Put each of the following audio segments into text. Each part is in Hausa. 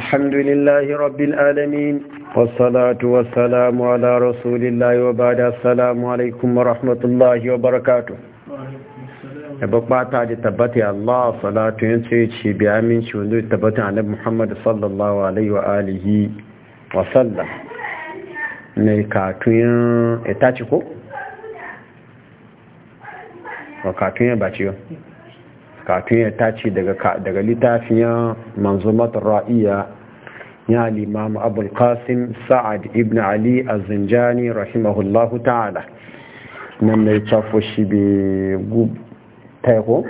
الحمد لله رب العالمين والصلاة والسلام على رسول الله وبعد السلام عليكم ورحمة الله وبركاته bukata da tabbata Allah salatu yin ce ce bi aminci wanda ya annabi Muhammad sallallahu alaihi wa wa sallam ya katun ya tace daga littafiyan manzumat ra'iya ya limamu abul qasim sa'ad ibn ali az-zinjani rahimahullahu ta'ala nan ne chafo shi bi gu taiko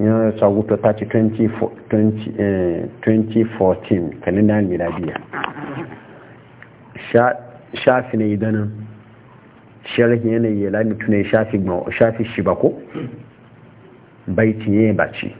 ya ta tace 2014 kalendar miladiya shafi ne idanin shirin yanayi ya lami tunai shafi shi ba ko baiti ne ba ce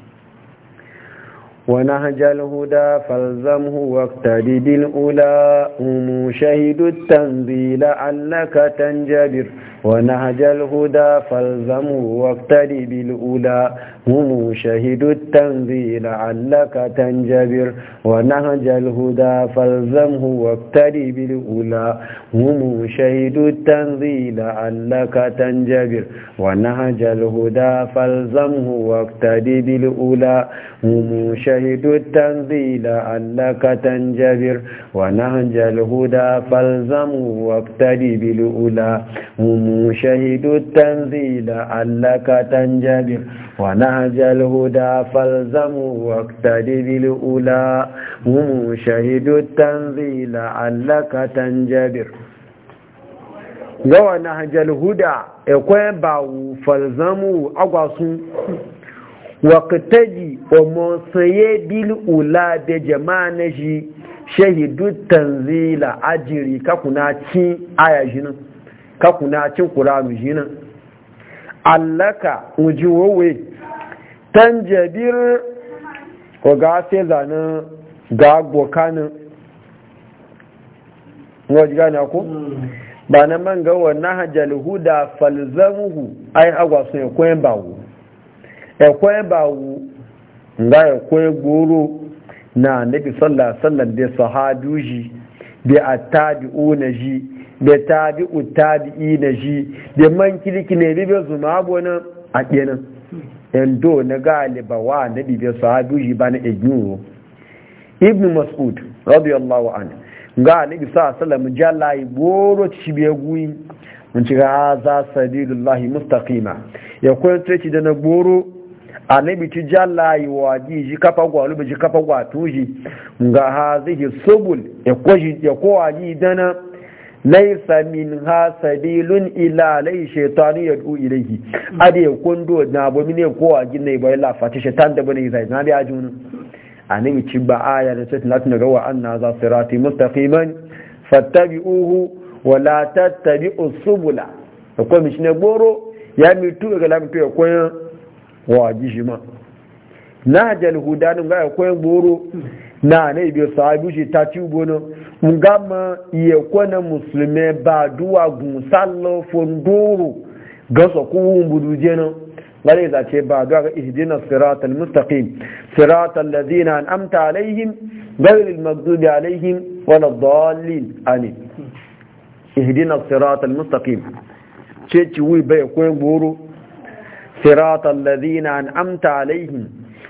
wani hajjal huda falzamhu waktadidin ula umu shahidun tanzila allaka tanjabir wani hajjal huda falzamhu waktadidin ula هم شهدوا التنزيل علك تنجبر ونهج الهدى فالزمه واقتدي بالأولى هم شهدوا التنزيل علك تنجبر ونهج الهدى فالزمه واقتدي بالأولى هم شهدوا التنزيل علك تنجبر ونهج الهدى فالزمه واقتدي بالأولى هم شهدوا التنزيل علك تنجبر ونهج نهج الهدى فالزموا واقتد بالأولى هم شهدوا التنزيل علك تنجبر gawa na hajjal huda ekwai ba falzamu agwasun wakitaji omo saye bil ula da jama'a na shi shahidu tanzila ajiri kakuna cin aya shi allaka wowe tanjabir ko ga sai zanen ga bokanin waje gane ku ba na man ga wannan hajjal huda falzamuhu ai agwa sun ekwe bawu ekwe bawu nga ekwe goro na nabi sallallahu alaihi wasallam da sahabuji da attabi'una ji da tabi ina ji bi man kiliki ne bi zuma na a kenan endo na galiba wa na bibiyar sahabu yi ba na egiyo ibn mas'ud radiyallahu an ga nabi sa mu jalla yi boro ci biya guyi mun ci ga za mustaqima ya koyar ci da na boro annabi ci jalla yi wa ji ji kafa gwa lubi ji kafa gwa tuji ga ha zai ya koji ya kowa ji dana laisa min ha sabilun ila lai shaitanu ya du ilaihi ade ya kondo na bo mine ko a ginne ba ila fati shaitan da bane zai na biya junu annabi ci ba aya da ta na ga wa anna za sirati mustaqiman fattabi'uhu wa la tattabi'u subula ko mi shine boro ya mi tu ga la mi tu ya koyan wa jishima na jal hudanu ga koyan goro na ne bi sahabu shi ta ci bono ngama iye kwana musulmi ba duwa gun sallo fondoro gaso so ku budu jeno gare da ce ba duwa ga ihdina siratal mustaqim siratal ladina an'amta alaihim ghayril maghdubi alaihim waladdallin amin ihdina siratal mustaqim ce ci wi bai koyin goro siratal ladina an'amta alaihim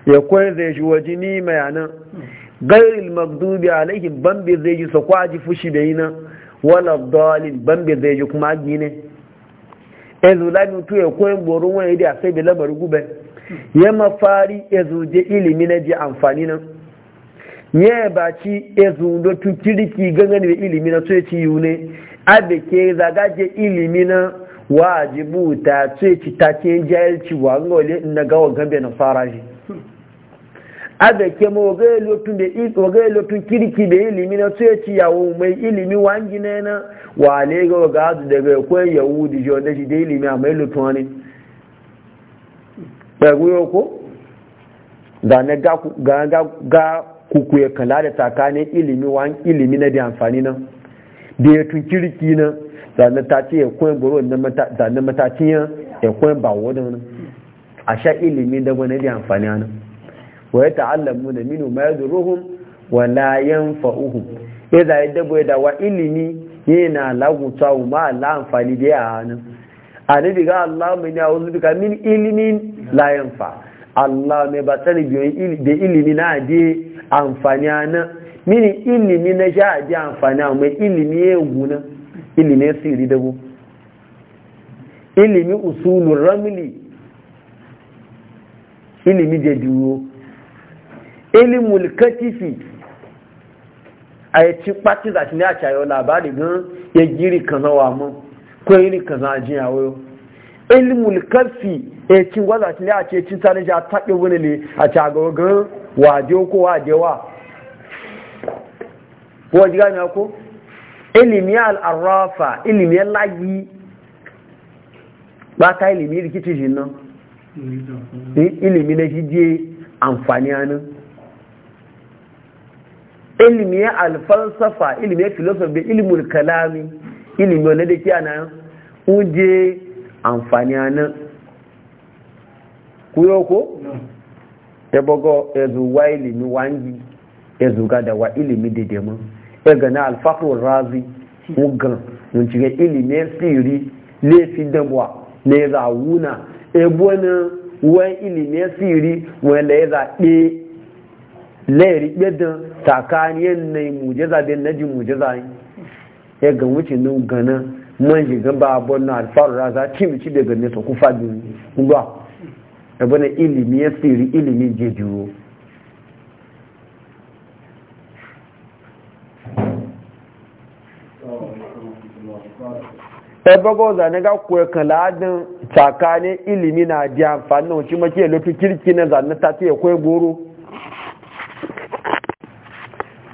ya koyin zai ji wajini mai anan gairil magdubi alaihim bambe zai ji su kwaji fushi da yi nan wala dalil bambe zai ji kuma agi ne ezu lami tu ya koyin borin wani da sai bi lamar gube ya mafari ezu je ilimi na je amfani nan ya ba ci ezu da tukiriki kiriki gangan da ilimi na sai ci yune abe ke zaga je ilimi na wajibu ta sai ci ta ce jahilci wa ngole na gawa gambe na fara shi abeke ma oge elu lotun kirki da ilimi na tuye ya yawo mai ilimi wangi ne na wale ga ga ekwe ya kwen yahudi jo da shi da ilimi a mai lotun wani ɗagu yau ko ga na ga kuku ya kala da tsakanin ilimi wa ilimi na da amfani na. da etu tun kirki nan zanen ta ce ya kwen buru zanen matacin ya kwen bawo da a sha ilimi da wani da amfani nan wa ya ta'allamu na minu ma yaduruhum wa la yanfa'uhum ya da ya dabo da wa ilimi yana lagunta wa ma la amfani da yana hana anabi ga Allah mai ne a wasu duka min ilimin la yanfa Allah mai ba tsari biyoyi da ilimi na de amfani na min ilimi na a ji amfani a mai ilimi ya guna ilimin siri dabo ilimi usulun ramli, ilimi da juyo ilimul katifi a ya ci ɓaci za shi ne a cayo labari gan ya giri kaza wa mu ko iri kaza a jiya wayo ilimul kafi ya ci gwaza shi ne a ce cin tsarin a taɓe wani ne a cagawa gan waje ko waje wa ko ji gani ko ilimi al'arrafa ilimi lagi ba ta ilimi rikici shi nan ilimi na shi je amfani hannun ilmiyar alfalsafa ilmiyar filosofi ilimi kalami ilmi wanda da ke ana uje amfani a nan kuyo ko? ebogo ezuwa ilimi wangi ezuga da wa ilimi dedemun egana alfakun razi ugan wunciga ilimiyar siri laifin damuwa na ya za wuna ebo na wani ilimiyar siri wani da ya za ɗe lairi ɓedin takaniyar na yi na ji mujaza ya ga wuce nun gana man shiga na alfaru raza cimici daga nesa kufa biyu abu na ilimi ya siri ilimi je juro ẹgbọ́gbọ́ ga kuwa kaladin tsakanin ilimi na di na wuce maki ya kirki na ta ya kwaye goro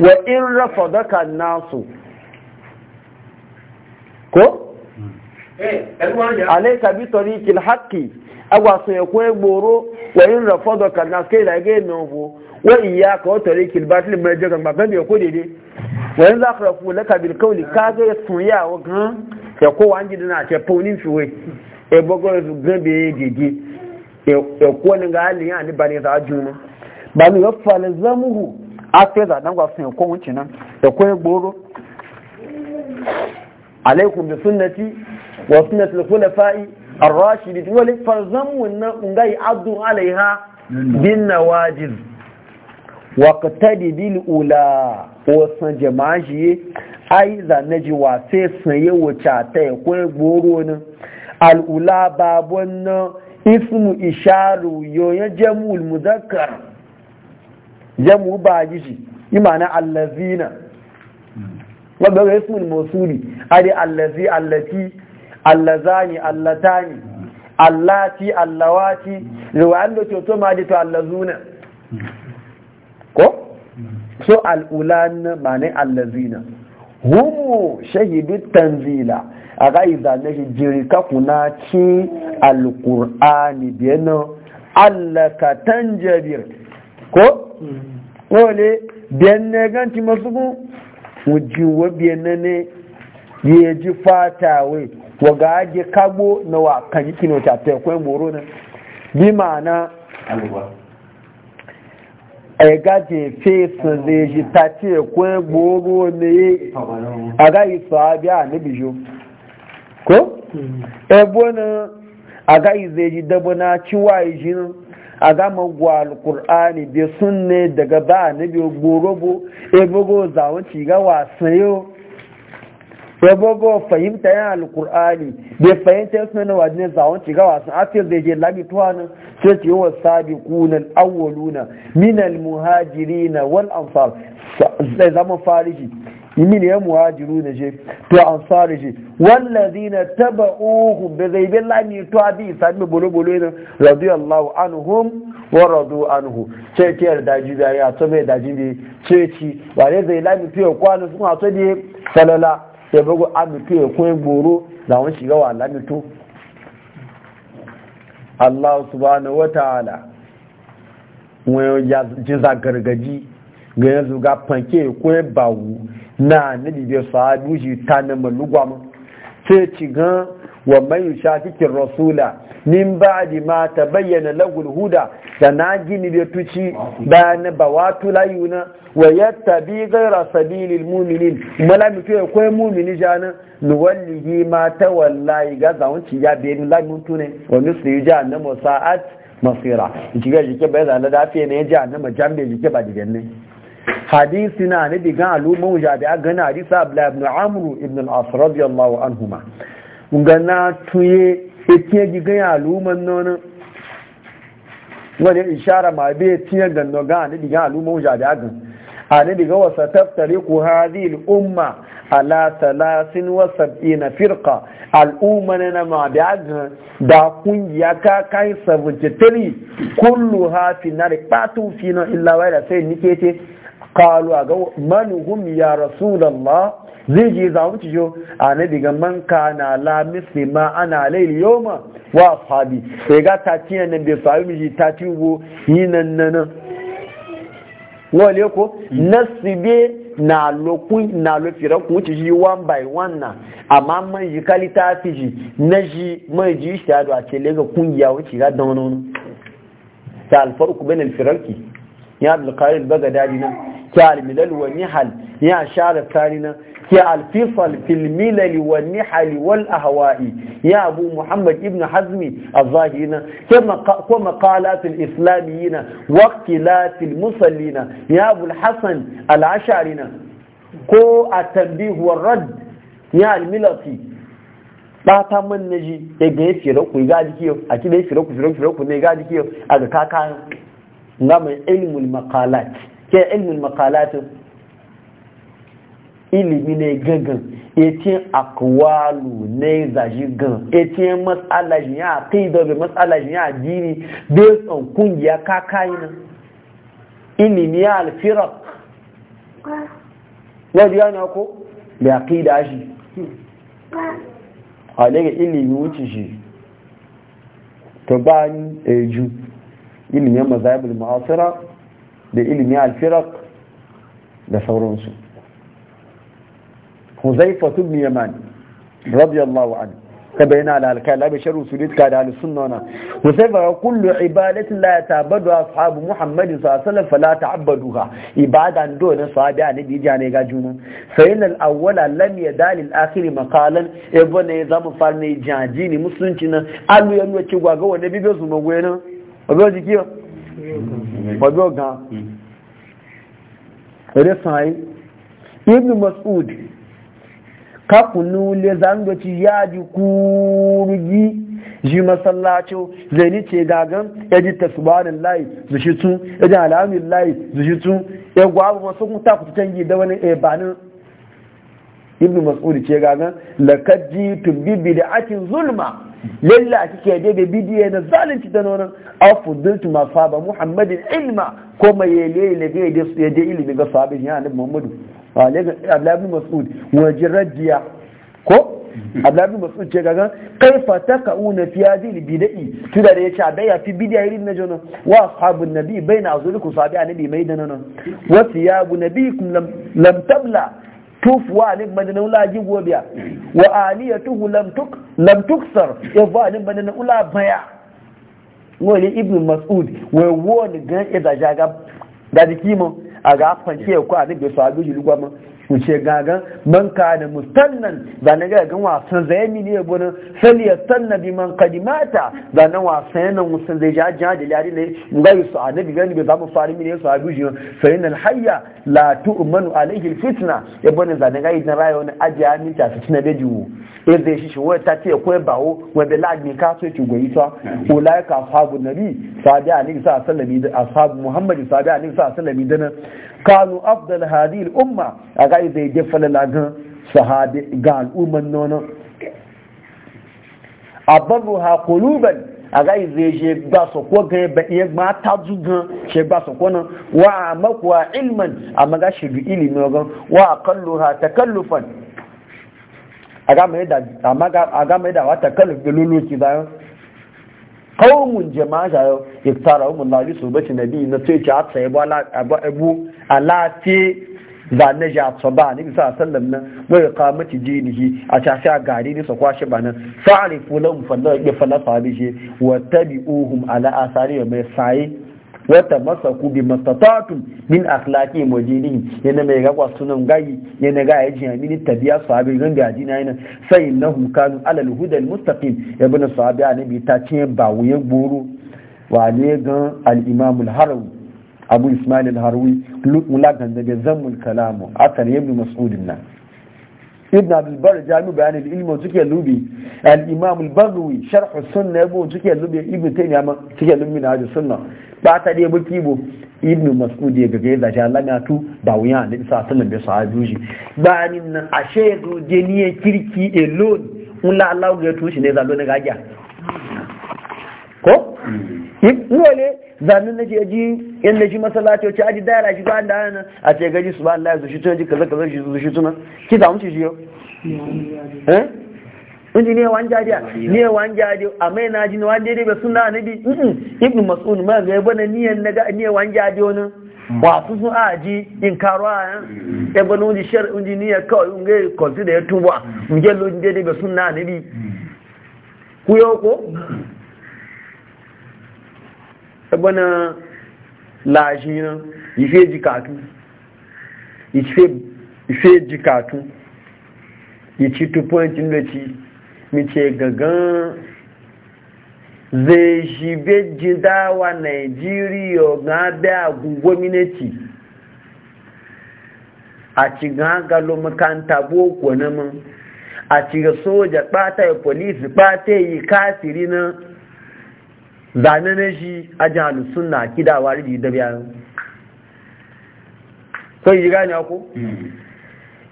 wa in rafadaka nasu ko alaika bi tariqil haqqi agwa so ye ko egboro wa in rafadaka nasu kai da ga wa iyyaka wa tariqil batil ma je ba ban be ko dede wa in zakhrafu laka bil ka ga gan ya ko wanji dina ce paunin fiwe e bogo gan be dede e, e ko ni ga ali bani juma falazamuhu afeza dan gwa sun ko wuce nan da koyi gboro alaikum bi sunnati wa sunnati al-khulafa'i ar-rashidin wal farzamu na ngai addu alaiha bin nawajiz waqtadi bil ula wa san jama'aji ai za naji wa sai sanye wuce ta koyi goro nan al-ula babon na ismu isharu yoyan jamul muzakkar jamu ba gishi imana allazina wadda ga ismul mawsuli adi allazi allati allazani allatani allati allawati riwayan da coto ma dito to allazuna ko so al'ulan mane allazina humu shahidu tanzila a shi izane jirika kuna ci alqur'ani biyana allaka tanjabir ko hmm. wale biyan ne ganci masu gun wujiwa biyan na ne ya ji fata wai waga aje kago na wa kan yi kino ta ta kwai moro na bi ma'ana a e gaje fesa zai ji ta ce kwai moro ne a ga yi sahabi na bijo ko? Hmm. ebo na a ga yi zai ji dabana ciwa yi a gama gwa alkur'ani bai sun ne daga ba na biyu gorobo ebogo zawon ga wasan yau ebogo fahimta yan alkur'ani bai fahimta yasu na wajen zawon ga wasan afir da ke labi na sai ce yawan sabi kunan awwaluna minal muhajirina wal amsar zama farishi min ya muhajiru na je to ansari je da zai bi lami to abi sami bolo bolo ne radiyallahu anhum wa radu anhu ce ce er yarda ji da ya to mai daji ne ce ci wale zai lami to ya e kwano sun ato ne salala ya bugu abu to ya kun goro da wani shiga wa lami to Allah subhanahu wa ta'ala wani ya ji zagargaji ga yanzu ga fanke e ko ya bawu na nabi bai sa shi ta na malugwa mu sai ci gan wa mai shafikin rasula min ba ma ta bayyana lagul huda da na gini da tuci bayan ba bawatu layuna wa yattabi ghayra gaira sabilin muminin mala mutu ya kwaye mumini jana nuwallihi ma ta wallahi ga zaunci ya bai ni lagun tune wa misli yi ja na musa'at masira ki jike bai zane da fiye ne ya ja na majambe jike ba da ne hadisi na nabi gan alumman wujabi a na hadisi abdullahi ibn amru ibn al-as radiyallahu anhuma ngana tuye etiye gigan alumman nonon wani ishara ma bai e tiye gando gan nabi gan alumman wujabi a gan a nabi gan wasa taftari ku hadil umma ala talatin wa sab'ina firqa al'umma na ma bi aga da kungiya ka kai 73 kullu ha fi nar patu fi na illa wa sai nike ce kalu a ga man ya rasulallah zai je za mu ci a na ga man na la misli ma ana layl yawma wa fadi sai ga ta ci nan bai fa mi ta ci wo yi nan wale ko nasibe na lokun na lofira ku ci ji one by one na amma man ji kalita fi ji na ji man ji shi a ce lega kungiya wuce ga dan wani ta alfarku bain alfirarki ya abdul qadir bagadadi nan ki almilal wa nihal ya shara tarina ki alfisal fil milal wa nihal wal ahwa'i ya abu muhammad ibn hazmi azahina kama kama maqalat al-islamiyina wa qilat al-musallina ya abu al-hasan al-asharina ko atambihu rad ya al-milati bata man naji daga ya fira ga jiki a kida ya fira ku ne ga jiki a ga kaka ngama ilmul maqalat ke ilmin makalatin ilimi ne gangan etin akwalu ne zaji gan etin matsala shi ya aqida bi matsala shi ya dini based on kungiya kakai na ilimi ya alfiraq wadi na ko da aqida shi a daga ilimi wuce shi to ba ni eju ilimin mazhabul mu'asira da ilimi alfirak da sauransu huzaifa ibn yaman radiyallahu anhu ka bayyana da alkai labe sharru sudidka da al-sunna wana huzaifa ya kullu ibadati la yatabadu ashabu muhammad sallallahu alaihi wasallam fala ta'abbaduha ibadan do na sahabi annabi ja ne ga juna sai al-awwala lam yadal al-akhir maqalan ebo ne zamu farne jaji ni musulunci na alu yanwa ci gwaga wanda bibe su magoyana obo jikiyo ọjọ́ gan ẹ̀rẹ́ sàn ayé ibn mas'ud kakunu le zangoci ya ji kurugi ji masallacin zai ni ce gagan ya ji tasbanin layi su shi tun ya ji alamin layi su shi tun ya gwabu masu kuta ku canji da wani ebanin eh, ibn mas'ud ce gagan lakad ji da akin zulma lalla kike da da bidiyo na zalunci da nonon afudultu ma fa ba muhammadin ilma ko mai yele ne ga ya da ilimi ga sabin ya annabi muhammadu alaihi abdullahi ablabi mas'ud wajin radiya ko ablabi mas'ud ce kaga kaifa takauna fi hadhihi bid'i tuda da yace abaya fi bidiyo irin na jono wa ashabun nabi baina azulukum sabi annabi mai da nonon wa thiyabu nabiyikum kun lam tabla tufuwa ne madina ula ji gobiya wa aliyatuhu lam tuk ya tuksar yafa ne madina ula baya wani ibn mas'ud wai wani gan ida ga da mu a ga fanke ko a ne bai so a bi lugwa ma wuce gagan man ka da mustannan zane ga gan wasan zai mi ne bu nan sali ya sanna bi man kadimata zane wasan yana musan zai ja ja da lari ne ga yi su annabi gani bai zamu fari mi ne su abu jiyo fa inal hayya la tu'manu alaihi fitna ya bu nan zane ga idan rayuwa ne aje aminta fitina da jiwo e zai shi wai ta ce ko bawo wanda lagni ka so ci goyi ta ulai ka ashabu nabi sabi alaihi sallami da ashabu muhammad sabi alaihi sallami da kanu afdal hadhihi umma aga kai zai je falala gan sahabi ga al'umman nono abaru ha quluban aga zai je gba so ko ga ba iya ma ta gan she gba so ko nan wa makwa ilman amma ga shi ilimi gan wa aqalluha takallufan aga mai da amma ga aga mai da wa takalluf da lulu ki da qaumun jama'a ya iktara umma la yusubat nabi na biyu na tsaye ba la abu alati za na ja fa ba ni bisa sallam na wai qamati dinihi a ta sha gari ne su kwashi ba nan fa'rifu lahum falla bi falla wa tabi'uhum ala asari mai sai wa tamassaku bi mastata'tum min akhlaqi mujidin yana mai ga sunan gayi yana ga yaji amini tabiya sahabi gan da ajina yana sai innahum kanu ala al-huda ya mustaqim ibn sahabi annabi ta ce ba wuye goro wa ne gan al-imam al abu ismail al-harwi mulakan daga zammul kalamu asali ibn mas'udin nan ibn abdulbar jami'u bayanin ilmi suke lubi al-imam al-bagawi sharh sunna yabo suke lubi ibn taymiya ma suke lubi na hadis sunna ba ta dai buki bo ibn mas'ud ya gaga da ja ya tu ba wuya ne sa sallan bai sahabuji bayanin nan ashe do jeniye kirki elon mula Allah ya tushi ne zalo ne gajiya ko ibn wale zanen na ke ji yadda shi masallaci wacce aji dara shi ba da hannun a ce gaji su ba Allah ya shi tuna ji kaza kaza shi su shi tuna ki za mu ci shi yau inji ne wani jajiya ne wani jajiya a mai na ji ne wani daidai ba suna na bi ibn mas'ud ma ga yabana niyan na ne wani jajiya wani su sun a ji in karo a yan eh? yabana eh, wani shar inji ne kawai unge da ya tuba mu je lo daidai ba suna na bi ku yau ko sabana lajina ife jikatu ife jikatu ici tupuwancin da ci mice gagan zai shi dawa nigeria ga abe agun gwamnati a ci galo makanta boko na ma a ci soja ɓata ya polisi ɓata yi kafiri na zane ne shi a halittun suna kida wari da yadda biyan so yi gani ako hmm.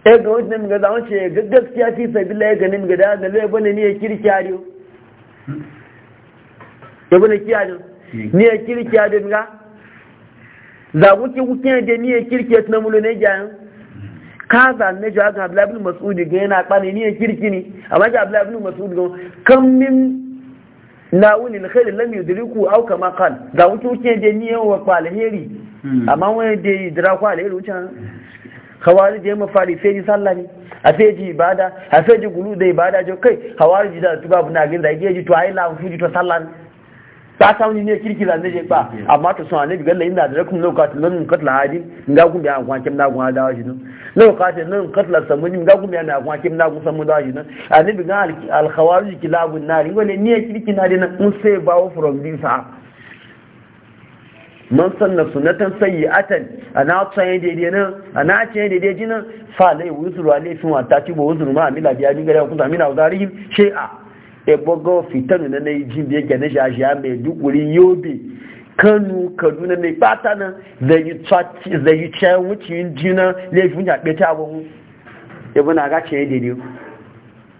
e ga wani ne mga zama ce ga gaskiya fi sabila ya gani mga da da zai bane ni ya kirki ariyo hmm. ya bane kiyariyo hmm. ni ya kirki ariyo mga zaguki wuke da ni ya kirki ya mulo ne Ka zane ne shi jawagan abdullahi bin masudi ga yana kwane ni ya kirki ne amma shi abdullahi bin masudi ga kan min na wuli alkhairi lam yudriku aw kama kan. da wuce wuce da niyan wa alheri hmm. amma wani da idra ku alheri wuce hawari da yamma mafari sai ji sallani. a sai ji ibada a sai ji gulu da ibada je kai hawari da tuba na gina da ji to a yi fuji to sallani ta samu ne kirki da zai ba mm. amma to sun annabi galla inda da rakum lokacin nan katla hadi ga kun biya kwan kim na gun hadawa shi nan lokacin nan katla samuni ga kun biya na kwan kim na gun samu da shi nan annabi ga al khawarij kilabun nari wala ne kirki na dina kun sai ba wa from this man sanna sunatan sayyi'atan ana tsaye da dai nan ana tsaye dai jinan fa lai wuzuru alaifin wa ta ci wuzuru ma amila biya ni ga ku ta mina uzarihim shay'a ebogo fitanu na nayi jin biye gane jaji ya mai dukuri yobe kanu kaduna mai bata nan da yi cayan wucin jina laifin ya ɓeta abin ebe na ga ya daidai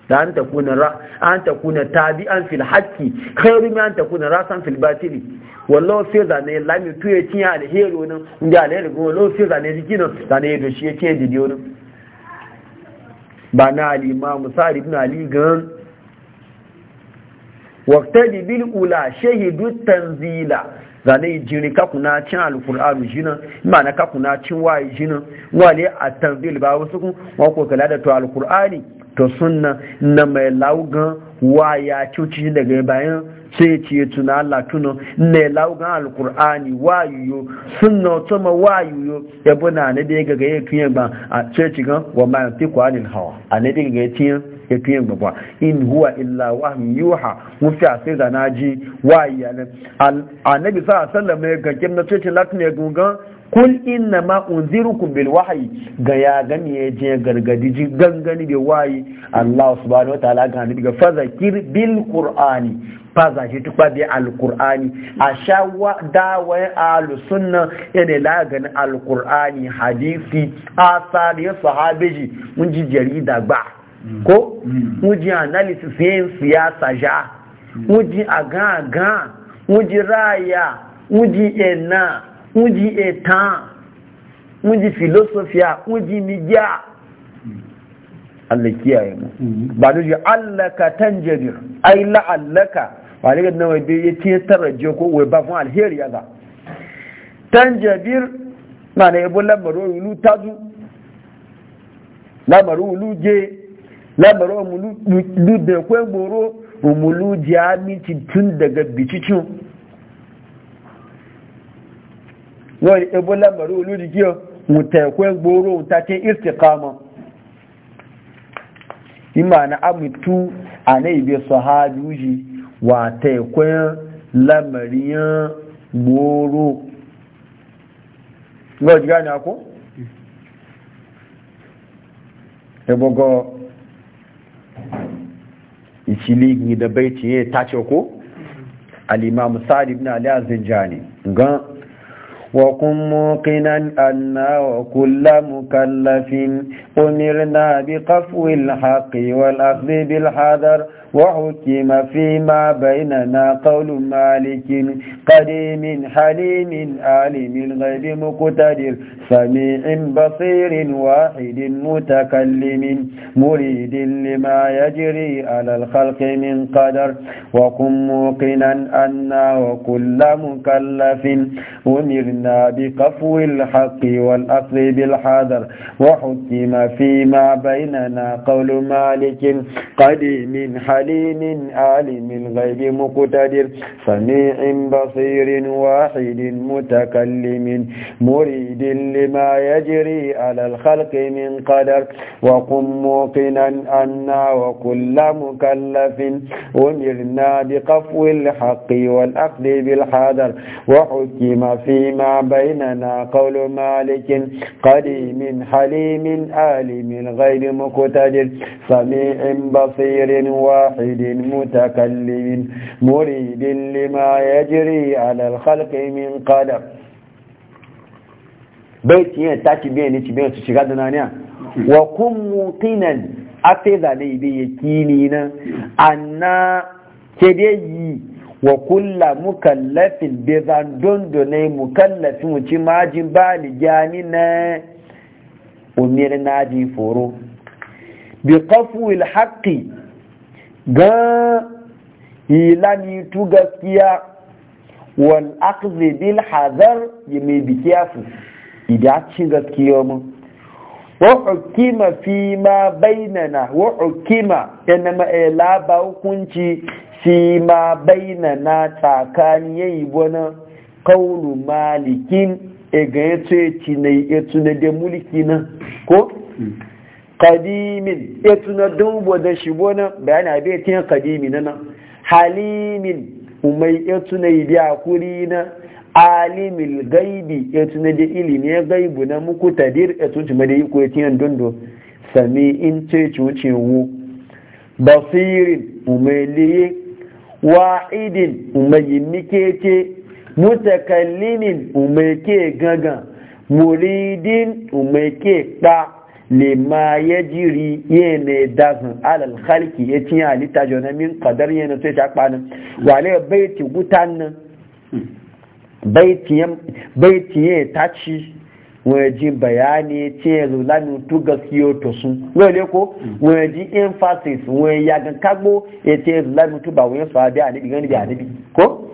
da an takuna ra an takuna tabi'an fil haqqi khairu min an takuna rasan fil batili wallahu fi zane lami tuye tiya alheri wani inda alheri go wallahu fi zane dikinan zane do shi yake didiyo nan ba na al-imam sa'id ibn ali gan waktadi bil ula shahidu tanzila zane jini kakuna cin alkur'anu jina ma'ana kakuna cin waye jina wale a tanzil ba wasu kun wako kala da to alkur'ani to sunna na mai laugan waya cuci daga bayan sai ce tuna Allah tuno ne laugan alkur'ani wayuyo sunna to ma wayuyo yabo na ne da ga ga yakin ba a ce gan wa ma ti anil hawa a ne ga yakin ya tuyen gbogbo in huwa illa wa yuha wufi a sai da naji wayi yanin annabi sa sallam ne ga na cece latin ya gungan kul inna ma unzirukum bil wahyi ga ya gani ya je gargadi ji gangani da wayi Allah subhanahu wa ta'ala ga nabi ga fazakir bil qur'ani faza shi tukpa bi alqur'ani a shawa dawai alu sunna ene la hadisi asali sahabeji mun ji jarida ba ko mujin mm. analysis yin siyasa ja mujin agan-agan ji raya ji ena mujin etan mujin filosofiya ji nijiya Allah kiyaye mu mm. ba da Allah allaka tanjadir ai la'allaka ba daga nan wai ya ce tarraje ko wai ba fun alheri ya ga tanjabir na na yabo lamarin ulu tazu lamarin ulu je labarin omulu da kwen goro omulu jami'ci tun daga bicicin wọ́n ebo labarin olóri kí o muta kwen goro ta ce istikama ima na amitu a na ibe sahabi wa ta kwen lamarin gboro wọ́n ji gani ako hmm. ebogo ishiligi da baiti ya tace ko al-imam sa'id ibn ali az-zanjani ga wa kun muqinan anna wa kullu mukallafin umirna bi qafwil haqqi wal akhdhi bil hadar وحكم فيما بيننا قول مالك قديم حليم عالم الغيب مقتدر سميع بصير واحد متكلم مريد لما يجري على الخلق من قدر وكن موقنا أنا وكل مكلف أمرنا بقفو الحق والأصل بالحذر وحكم فيما بيننا قول مالك قديم حليم عليم عالم الغيب مقتدر سميع بصير واحد متكلم مريد لما يجري على الخلق من قدر وقم موقنا أنا وكل مكلف أمرنا بقفو الحق والأخذ بالحذر وحكم فيما بيننا قول مالك قديم حليم عالم الغيب مقتدر سميع بصير واحد واحد متكلم مريد لما يجري على الخلق من قدر بيت يتاكي بيني تبين تشغل دنانيا وكن موقنا أفضل لي بيكينينا أنا كدي وكل مكلف mukallafin دون zandondo مكلف mukallafin ما majin ba lijani na umir naji foro bi ga ilani tu gaskiya wal akhdhi bil hadar ya mai bikiyafu idan ci gaskiya mu wa hukima fi ma bainana wa hukima ma ila eh, ba hukunci fi ma bainana tsakani yayi bona kaulu malikin e ga yace ci ne yace ne da mulki na ko hmm. kadimin ya tuna dubo da shi bona bayani abin ya tiyan kadimi na nan halimin umai ya tuna yi biya kuri na alimil gaibi ya tuna da ilimi ya gaibu na muku tadir ya tuna ma da yi ko ya tiyan dundo sami in ce cuce wu basirin umai liye wa'idin umai mikece mutakallimin umai ke gaga muridin umai ke ɗa lima ya jiri yana ne dazin alal halki ya ci halitta jona min kadar ya na ta kwanan wale baiti gutan nan baiti ya taci waje bayani ce ya zula tu gaskiyo to sun wale ko waje emphasis waje ya ga kagbo ya ce ya zula tu ba wajen su abi a nabi gani bi ko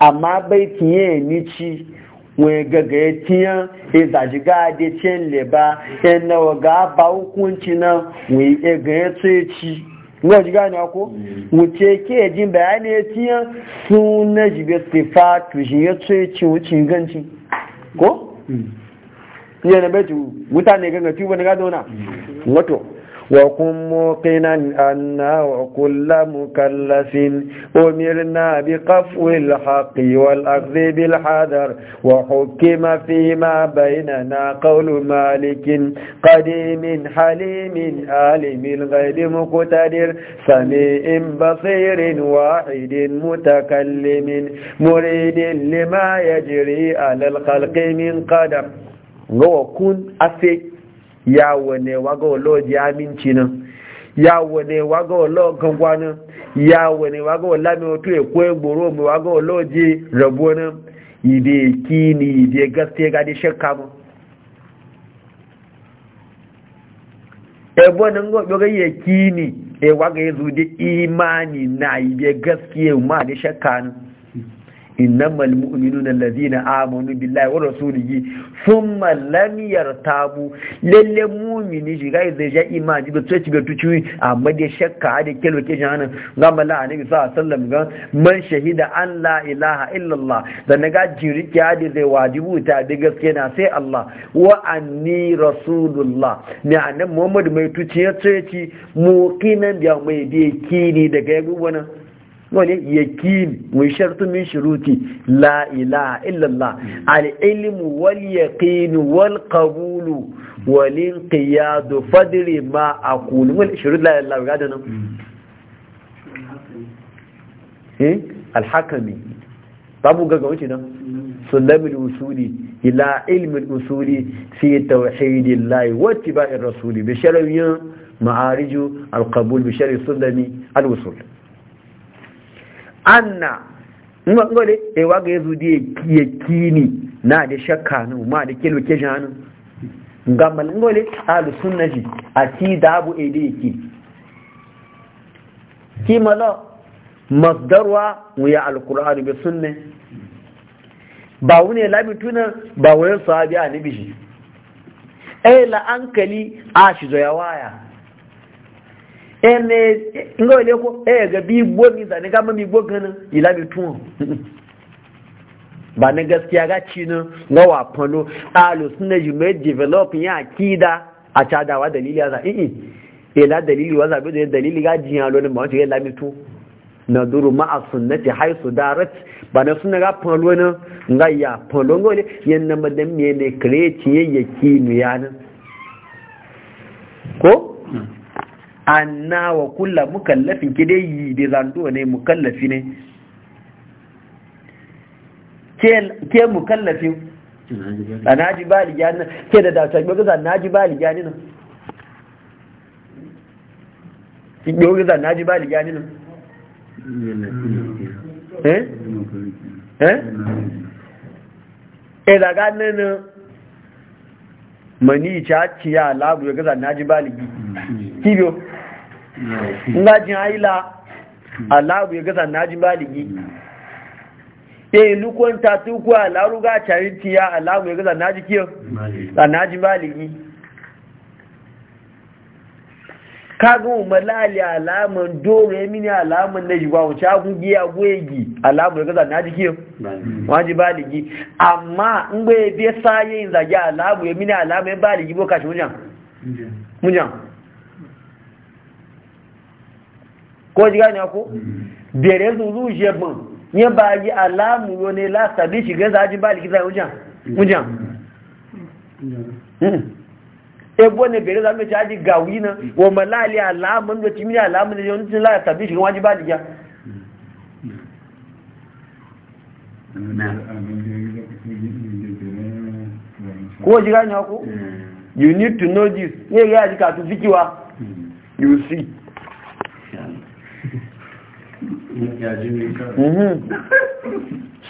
amma baiti ya ci wọ́n gaga ya tiya izajiga e da cin leba yana waga ba hukunci e na wọ́n e ga ya tsaye ci wọ́n jiga ne ako wuce ke jin bayani ya tiya mm. sun na jibe stefa tushin ya tsaye ci wucin ganci ko? yana bai ci wuta ne ganga tuba na gado na wato mm. وكن موقنا أنا كل مكلف أمرنا بقفو الحق والأخذ بالحذر وحكم فيما بيننا قول مالك قديم حليم آلم الغيب مقتدر سميع بصير واحد متكلم مريد لما يجري على الخلق من قدر وكن أفك yawo ne waga oloji aminci nan yawo ne waga ologan gwanan yawo ne waga olami otu ekwo egboro mu waga oloji rabo nan ibe kini ibe gaske ga di shakka mu ebo nan go yoga ki kini e waga yezu de imani na ibe gaske ma de shakka nan innamal mu'minuna allazina amanu billahi wa rasulihi thumma lam yartabu lalle mu'mini shi ga zai ja imani da tsaci ga tuci amma da shakka da kelwa ke jana ga mala annabi sallallahu alaihi wasallam ga man shahida an la ilaha illallah da naga ya hadi zai wajibu ta da gaske na sai Allah wa anni rasulullah ne annabi Muhammad mai tuci ya tsaci muqinan da mai bi kini daga yabuwana wani yakin wai shartu min shuruti la ilaha illallah al-ilmu wal yaqin wal qabulu wal inqiyad fadri ma aqulu wal shurut la ilaha illallah gadan eh al-hakami babu gaga wuce nan sulamul usuli ila ilmin usuli fi tauhidillahi wa ittiba'ir rasuli bi shar'iyyin ma'ariju al-qabul bi shar'i sunani al anna ngole ewa ga yazo ya e, e kini na da shakka nan ma da ke a hanu ngole alu sunnaji akida abu ede Ki kimala masdarwa ya alqur'ani bi sunna ba wune tuna ba wayan sahabi a nabi shi ai e la ankali a shi ya waya ene ngo ile ko e ga bi gbo mi zani ga mi gbo ganin ila bi tun ba na gaskiya ga ci nan ga wa pano alu sunna you may develop ya akida a wa dalili ya za eh ila dalili wa za bi dalili ga jiya lo ne ma ce ila bi tun na duru ma'a sunnati haisu darat ba na suna ga pano na nga ya pano ngo ne yan na madam ne ne create yayyaki mu yanan ko anna wa kulla mukallafin ki dai yi da zando ne mukallafi ne ke mukallafin a naji baligya nan ke da dace gbaguza naji baligya ne nan gbaguza naji ba ne nan eh eh eh daga nan mani ta ciya labu ya gaza naji baligi kibiyo nga jin haila alawu ya gaza naji baligi e lukon ta tuku alaru ga charity ya alawu ya gaza naji kiyo naji baligi kaga umalali alaman dore mini alaman na jiwa wuce agun giya gwegi ya gaza na jiki waji baligi amma in gbe ebe saye yin zage alamun ya mini alamun ya baligi bokashi munyan munyan ko ji ko mm-hmm. bere zuru jebun ba yi alamu yo ne la sabi shiga za ba likita wujan wujan mm-hmm. mm-hmm. ebo ne bere za mu gawi na alamu alamu ne la sabi waji ba likita ko ji gane ko you need to know this ye ga ji ka tu fikiwa you see Mhm.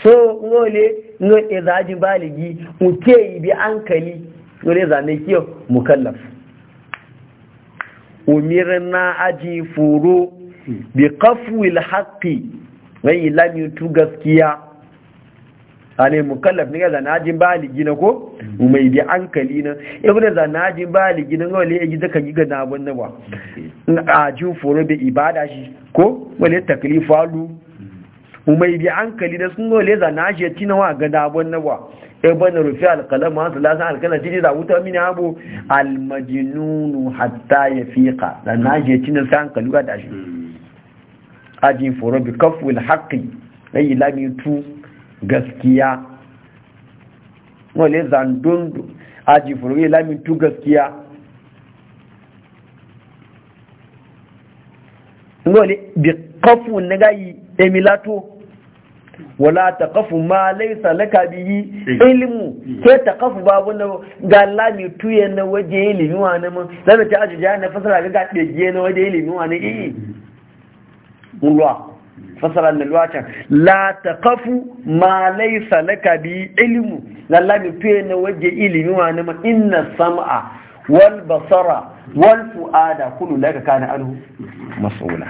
so ngole ngole zaji baligi muke bi ankali ngole zame kiyo mukallaf umirna aji furu hmm. bi qafwi haqqi wai lam yutu gaskiya ane mukallaf ne ga najin baligi na ko mm. mai bi ankali na ibn za najin baligi na wale yaji zaka giga na abun mm. na ba a ju foro bi ibada shi ko wale taklifalu mm. mai bi ankali da sun wale za naje tina wa ga da abun na ba ibn rufi alqalam wa salasa alqalam jini da wuta mini abu almajnun hatta yafiqa da naje tina san ga da shi ajin foro bi kaful haqqi ayi lamitu gaskiya wale zandun aji furuwe lamin tu gaskiya wale bi kafu na gayi emilato wala ta kafu ma laisa laka biyi ilimu ke ta kafu babu na ga lami tuye na waje ilimi wa na mun ta aji jaya na fasara ga gaɗe na waje ilimi wa na iya ulwa fasara da luwacin la ta kafu ma laisa laka bi ilimu lallabi fiye na waje ilimi wa nima inna sam'a wal basara wal fu'ada kullu laka kana anhu mas'ula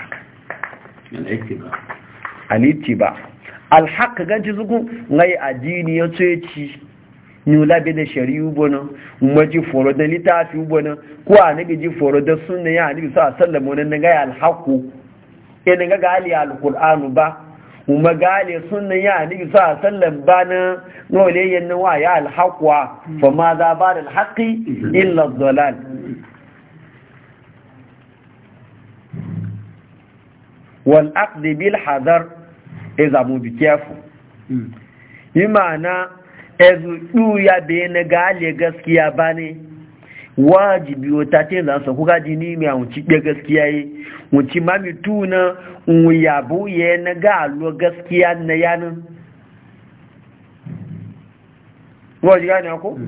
al-ittiba al-haqq ganci zugu ngai addini ya ci ni labe da shari'u bono maji foro da litafi bono ko anabi ji foro da sunna ya anabi sallallahu alaihi wasallam wannan ngai alhaku. yana ga gali alkur'anu ba kuma gali sunan ya ni sa sallan ba na nole yan wa ya alhaqwa fa ma za ba da alhaqi illa ad wal aqd bil hadar iza e mu bi kafu hmm. imana ezu ya be na gali gaskiya ba ne. wajibi wata te za su kuka ji ni mai wuci ɗaya gaskiya yi wuci mami tuna yabu ya na ga mm. alo eh, gaskiya na yanin wajen gane ko?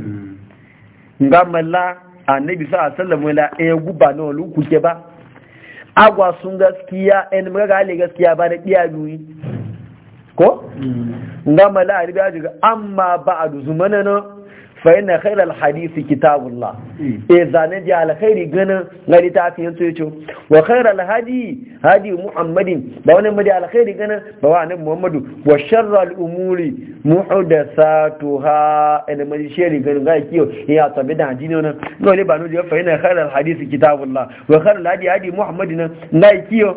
ga malla annabi sa a sallama la ɗaya guba na wani kuke ba agwa sun gaskiya ɗan maga ale gaskiya ba na ɗiya biyu ko? Mm. ga malla a ribi amma ba a duzu mana na fa'ina khairar hadisi kitabullah e zane da alkhairi ganin gari ta fi yanzu yace wa khairar hadi hadi muhammadin ba wani madi alkhairi ganin ba wa annabi muhammadu wa sharral umuri muhdathatuha ina madi sheri ganin ga kiyo ya tabi da hadini wannan no ne ba no da fa'ina khairar hadisi kitabullah wa khairar hadi hadi muhammadin na hmm. kiyo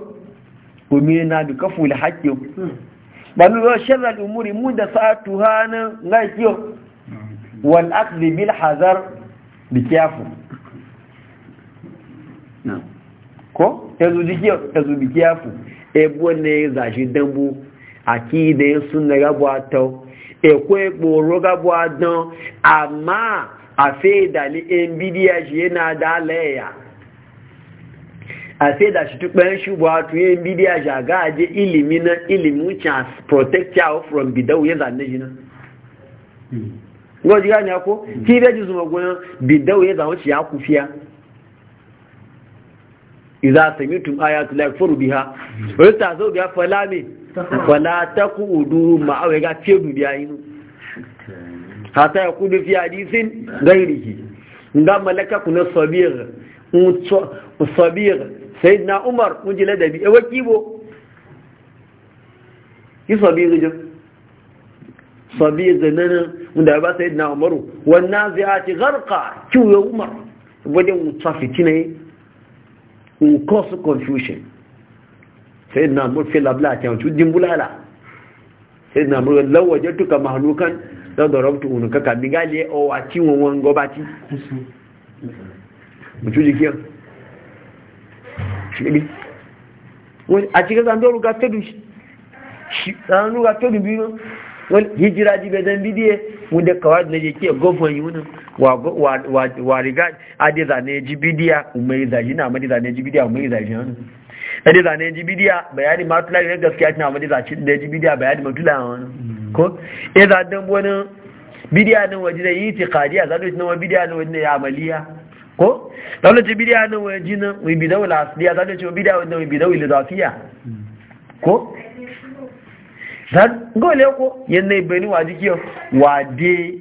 umina bi kaful haqqi ba no sharral umuri muhdathatuha na kiyo wal akli bil hazar bi kiafu ko yanzu jikiyo yanzu bi kiyafu ebo ne zaji dambu akide sunna gabwato ekwe gboro adan ama afeda li embidia na daleya a sai e, da shi tukpayen shugaba to yin bidiya shaga a je ilimi na ilimin chance protect you from bidau ya zane shi ngoji gani ako mm. ki da ji zuma goyon bidawo ya zawo shi ya kufiya idza samitum ayatu la yakfuru biha wa mm. tazo biya fala mi fala taqudu ma awe ga cedu biya inu hata yakudu fi hadisin gairihi nga malaka kuna sabir sabir sayyidina umar kunji ladabi e wakibo ki sabir jo sabir nanan wanda ba sai na umaru wannan ziyati garka kiwo ya umar wajen wuta fitina yi in cause confusion sai na murfi labla ta yancu dimbulala sai na murfi lawaje tuka mahalukan da darabtu unuka ka bigale o wa ciwon wan gobati mutu jikiya shi a cikin zandoro ga tudu shi zandoro ga tudu biyu wani hijira ji bai dan bidiye wanda kawai da yake yi wunin wa riga dai zane ji bidiya umari zaji na amadi zane ji bidiya umari zaji wani ade zane ji bidiya bayani matula ne gaskiya tana amadi zaci da ji bidiya bayani matula wani ko ya za dan wani bidiya nan waje da yi tiqadiya za ta nan bidiya nan waje ya amaliya ko dole ce bidiya nan waje nan wi bidawu lasiya za ta ce bidiya nan wi bidawu lidafiya ko gole ko yanna ibani wa jiki wa de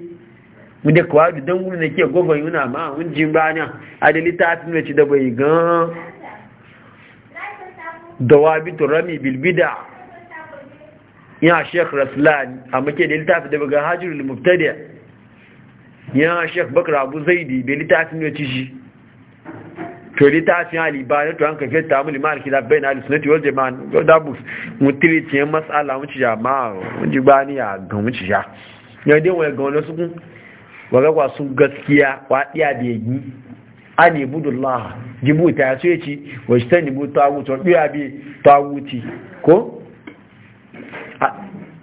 mu da kwa da dangu ne ke gogo yuna ma mun jin bana adali ta tun ne ci da bai gan bi to rami bil bid'a ya sheikh raslan amma ke da litafi da ga hajirul mubtadi ya shek bakar abu zaidi da litafi ne ci shi To ni ta fi hali ba ya tuwan kafin ta mu liman alkila bai na alisunati wal jama'a yau da bu mutiri tiyan matsala mu ci ya jama'a mun ji ba ni a ga mu ci ya yau dai wani ga wani sukun waga kwa sun gaskiya wa diya da yi a ne budullah jibuta ya ce ci shi ta nibu tawuti wani biya bi tawuti ko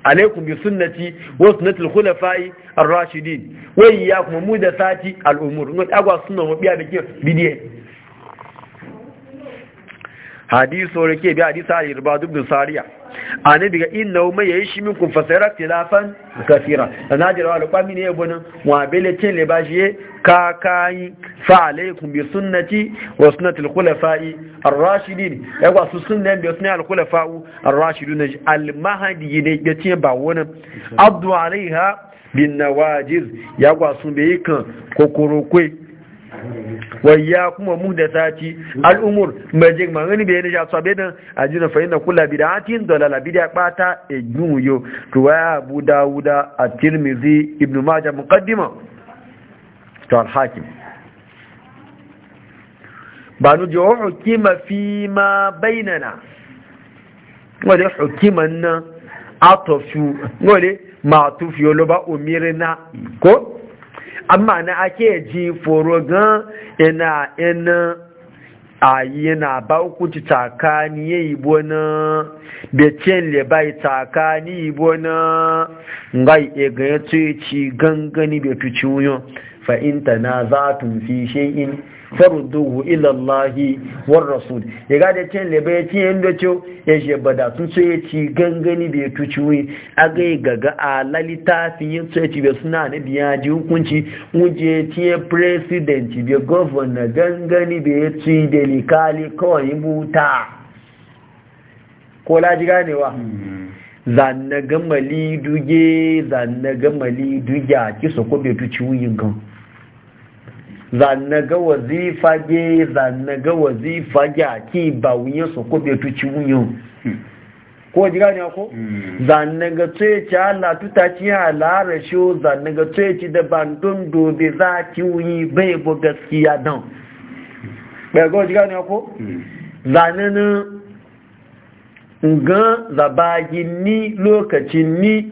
alaikum bi sunnati wa sunnati al-khulafa'i ar-rashidin wa iyyakum mudathati al-umur ngot agwa sunna mo biya da ke bidiye hadiso rake bi hadisa al duk ibn sariya annabi ga inna shi min kun fasayra tilafan kaseera jira wa qami ne yabon wa beletin le bajiye ka kai fa alaykum bi sunnati wa sunnati al-khulafa'i ar-rashidin yawa su sunnan bi sunnati al-khulafa'u ar-rashidun al-mahdi ne yace ba wani abdu alaiha bin nawajiz yawa sun be kan kokorokwe wayya kuma mu da sati al'umur mai jin magani bai yana jasu abe nan a jina fahim da kula bida hatin dalala bida bata e to ruwaya abu dawuda a tirmizi ibn majah muqaddima to al-hakim ba nu jo hukima fi ma bainana wani hukima nan atofshu wani ma tufi yolo ba umirina ko amma na ake ji foro gan ina ina a na ba hukunci t'aka ya yi bona da cin t'aka tsakani yi bona na ga e ya ci gangani bai fi fa fa'inta na za tun fi shi'in farudduhu ilallahi war rasul ya ga da cin lebe ya ci yanda ce ya je bada sun so ya ci gangani da ya tuci wi a ga gaga a lalita fi yin so ya ci bai suna na biya ji hukunci wuje ci president bai governor gangani bai ya ci delikali kawai buta ko laji ganewa hmm. zanna ga duge zanna duge a kisa ko bai tuci wuyin gan zanaga wazifa ge zanaga wazifa ge ki ba wuyan su hmm. ko hmm. be ci wuyan ko ji gani ko zanaga tsoye ci ala tuta ci ala zanna zanaga tsoye ci da bandun dobe za ki wuyi bai bo gaskiya dan ko ji gani ko zanana ngan zabagi ni lokacin ni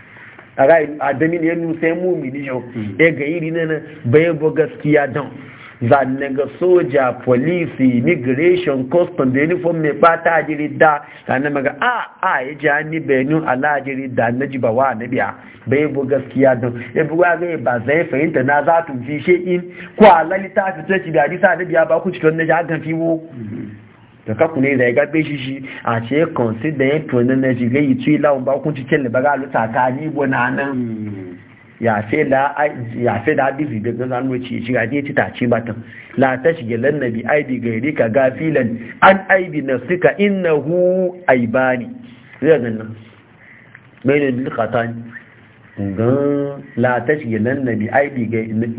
a damin ya nusa ya mumi ni yau ya ga iri na nan bayan bo gaskiya don zanne ga soja polisi immigration custom da uniform mai bata ajiri da sanne maga a a ya ji hannu benin ala ajiri da na ji ba wa na biya bayan bo gaskiya don ya e buga ga e ba zai fahimta na za tu fi she in ko alali ta fito ci da hadisa na biya ba ku cikin na ji hakan fi wo hmm. da ka da ya gabe shi shi a ce consider ya tunan na shi yi tuyi lawon ba cikin libaga luta ta ni bona nan hmm. ya fe da abisi da ga zanuwa ci shiga ne ci tace batan la ta shige lannabi aibi gairi ka gafilan an aibi na suka innahu aibani zai ganin mai da duka ta gan latash gilan na bi aibi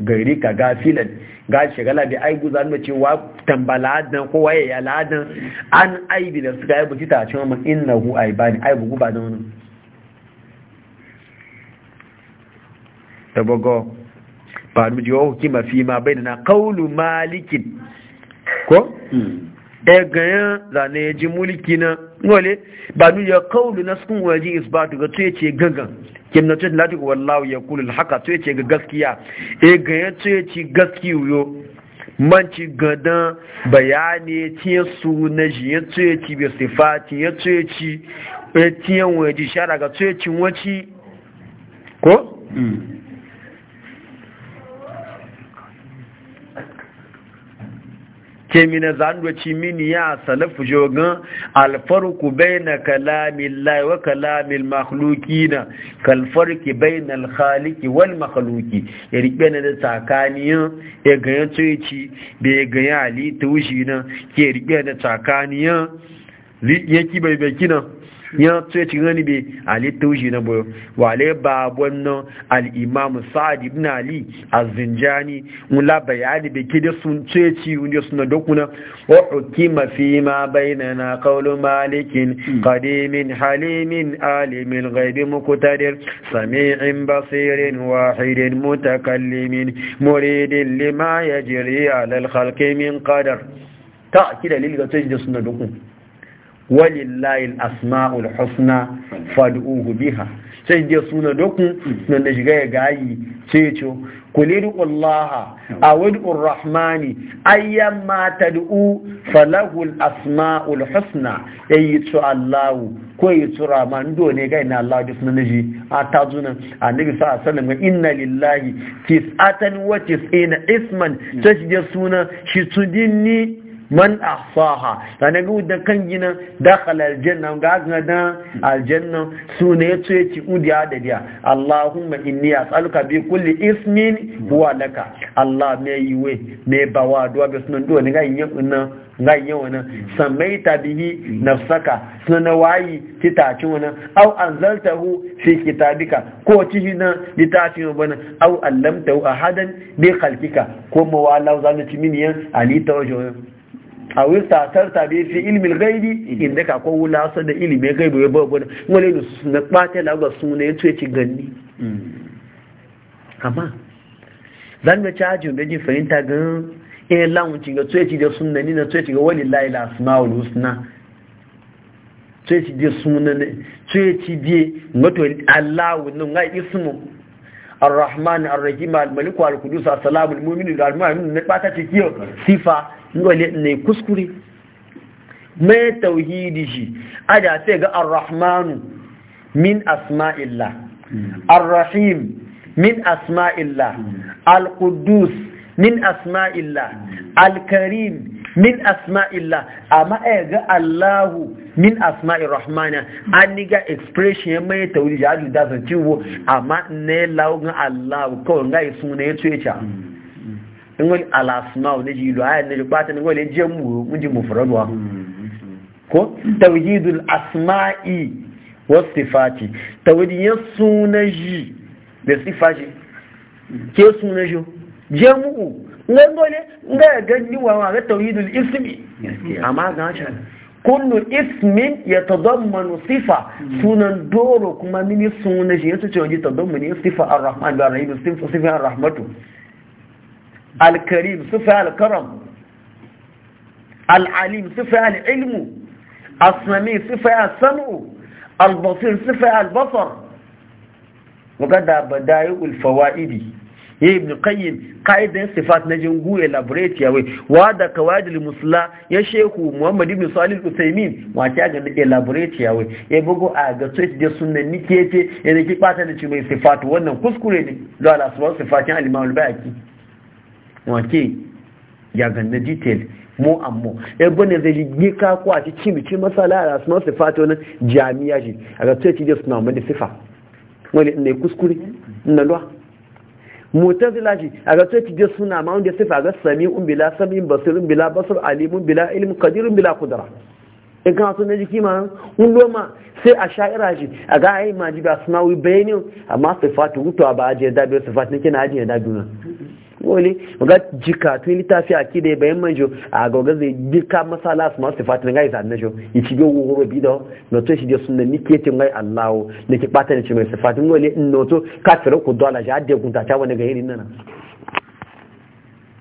gari ka filan, ga shagala bi aibu za mu cewa tambala dan ko ya yi ladan an aibi da suka yi bukita ta cewa hu aiba ne aibu guba da wani tabago ba mu jiwa hukima fi ma bai da na qawlu malikin ko hmm. e ganyen zane ji mulki na ngole ba nu ya qawlu na sukun waje isbatu ga tuye ce gangan kinnacin lati wallahu ya kulul haka to yace ga gaskiya e ga yace ci gaskiyo ci gada bayani ci su na ji ya ci bi sifati ya ci ya e, tiye waje shara ga tsoye ci wuci ko? Mm. ke mina ci min ya salafu jogan alfarku baina kalamin lai wa kalamin makhluki na kalfarki baina alhaliki wal makhluki ya riƙe na da tsakaniyan ya ganyen tsoyici da ya ganyen halitta na ke riƙe da tsakaniyan yaki bai bai kina yan tsoye cikin gani bai alittaushi na boyo wale babon nan al'imamu sa'ad ibn ali zinjani mula bayani bai kida sun tsaye ci wunde suna dokuna wa hukima fi ma na qawlu malikin qadimin halimin alimin ghaibi muqtadir sami'in basirin wahidin mutakallimin muridin lima yajri ala al-khalqi min qadar ta kida lil ga da suna dokuna walillahi asma'ul husna fad'uhu biha sai je suna dokun nan da shiga ya gayi ceco kulir wallaha a wad'ur rahmani ayyan ma tad'u falahul asma'ul husna yayi tsu allah ko yi tsura ma ndo ne ga ina allah da nan ji a tazuna annabi sa sallam inna lillahi tis'atan wa tis'ina isman sai je suna shi tudinni man ahsaha tana ga da kan gina dakhala aljanna ga ga da aljanna sune yace ci udiya da dia allahumma inni as'aluka bi kulli ismin huwa laka allah me yiwe me bawa duwa ga sunan duwa ga yin na ga yin wana samaita bihi nafsaka sunan wayi titacin wana aw anzaltahu fi kitabika ko tihi na litacin wana aw allamtahu ahadan bi khalqika ko mawala zalati min yan ali tawajjuh a wurin satar tabi fi ilimin gaibi inda ka kowu lasa da ilimin gaibi ya babu wani wani da su na ɓata na ga suna ya tuye ganni amma zan ga cajin da ji fahimta gan in lawunci ga tuye da suna ni na tuye ga wani layi la wani suna tuye ci da suna ne tuye ci da mato allahu nan ga ismu الرحمن الرحيم الملك والقدوس السلام المؤمن المؤمن نباتا تكيو sifa. ngole ne kuskure mai tauhidi shi a da sai ga arrahmanu min asma'illah hmm. arrahim min asma'illah hmm. alkudus min asma'illah hmm. alkarim min asma'illah amma a e ga allahu min asma'ir rahmana an ni ga expression mai tauhidi shi a da zan amma ne ga allahu kawai ga yi suna ya tuye ngoli alasma ne ji lo ayan ne ji patan ngoli jemu mun ji mu mufradu hmm, hmm. ko tawhidul asma'i was sifati tawhidin sunaji da sifaji hmm. ke sunaji jemu ngoli nga ganni wa wa tawhidul ismi amma ga shi kullu ismin ya yatadammanu sifa sunan doro kuma mini sunaji yace ce waje tadammani sifa ar-rahman da rahim sifa sifa ar-rahmatu alkarim sufa alkaram al'alim sufa al'ilmu asami sufa al'asamu albasir sufa albasar wadda badayi ulfawa'idi ya yi ibn qayyim ka'idan sifat na jingu elaborate da kawai da musula ya shehu muhammad ibn salil usaimin wata ga elaborate yawai ya bugu a ga tsoci da sunan nike ce ya da ki kwata da ci mai sifat wannan kuskure ne zuwa lasuwar sifatin alimawul bayaki wake ya ganna detail mu ammo ebe ne zai yi ka ko a cikin bikin masala da su masu fata wani jami'a shi a ga sai cijiyar suna wani sifa wani ne kuskure na lwa zila shi a ga sai cijiyar suna ma wani sifa ga sami umbila sami basir umbila bila basir alimun bila ilmin kadirin bila kudura in e kana sun jiki ma un loma sai a sha'ira shi a ga ayi ma ji ba suna wi bayanin amma sifatu mutuwa ba ajiye dabiyar sifatu ne kina ajiye dabe na wani ga jika tun littafi a kida bayan manjo a gauga zai jika masala su masu fatin gai sa na jo yi ci biyu wuro bi da na to shi jesu na ni ke gai allahu da ke bata da ci mai sifatin wani in na to ka tsira ku dola shi da kun ta ta wani ga irin nana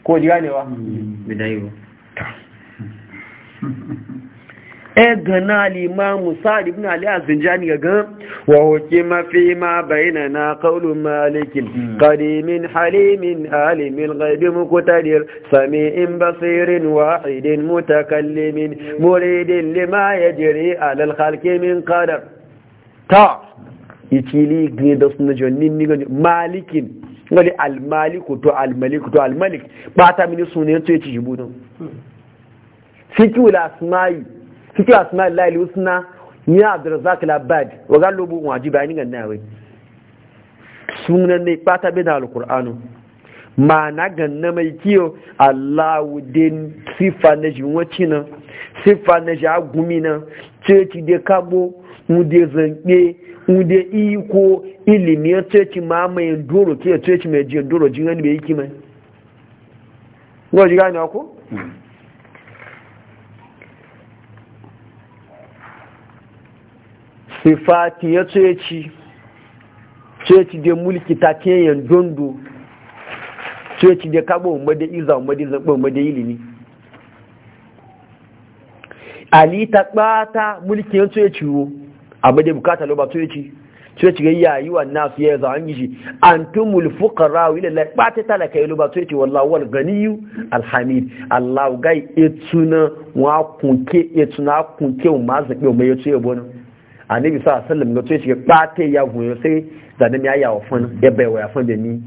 ko ji ganewa bidayo E gana limamu sa'ad ibn ali az-zinjani gaga wa hukima fi ma na qawlu malikin qadimin halimin alimin ghaibi muqtadir sami'in basirin wahidin mutakallimin muridin lima yajri ala al-khalqi min ta Ikili gine da suna jonnin ni gani malikin wani almaliku to almaliku to almalik ba ta mini sunayen to ya ci jibunan fikiwul asma'i cikin asma lillahi husna ya abdurrazzaq labad wa galubu wajibi ayin ganna yawai sunan ne fata bi da alqur'anu na ganna mai kiyo allahu din sifa na shi wacce nan sifa na ji agumi na? ceci de kabo mude zanke mude iko ilimi ya ceci ma mai doro ke ceci mai ji doro jin wani bai yi kimai gwaji gani ako? sifati ya ceci ceci da mulki ta kenyan dondo ceci da kabo mada iza mada zaɓa mada ilimi ali ta ɓata mulki ya ceci wo a mada bukata lo ba ceci ceci ga yayi wa nasu ya za an gishi an tumul fuqara wa ila ɓata talaka ya lo ba ceci wallahu wal ganiyu alhamid allah gai etsuna wa kunke etsuna kunke ma zaɓe mai ya ce bonan annabi sa sallam na to shiga pate ya goyo sai zanin ya yawa fun ya bai wa fun da ni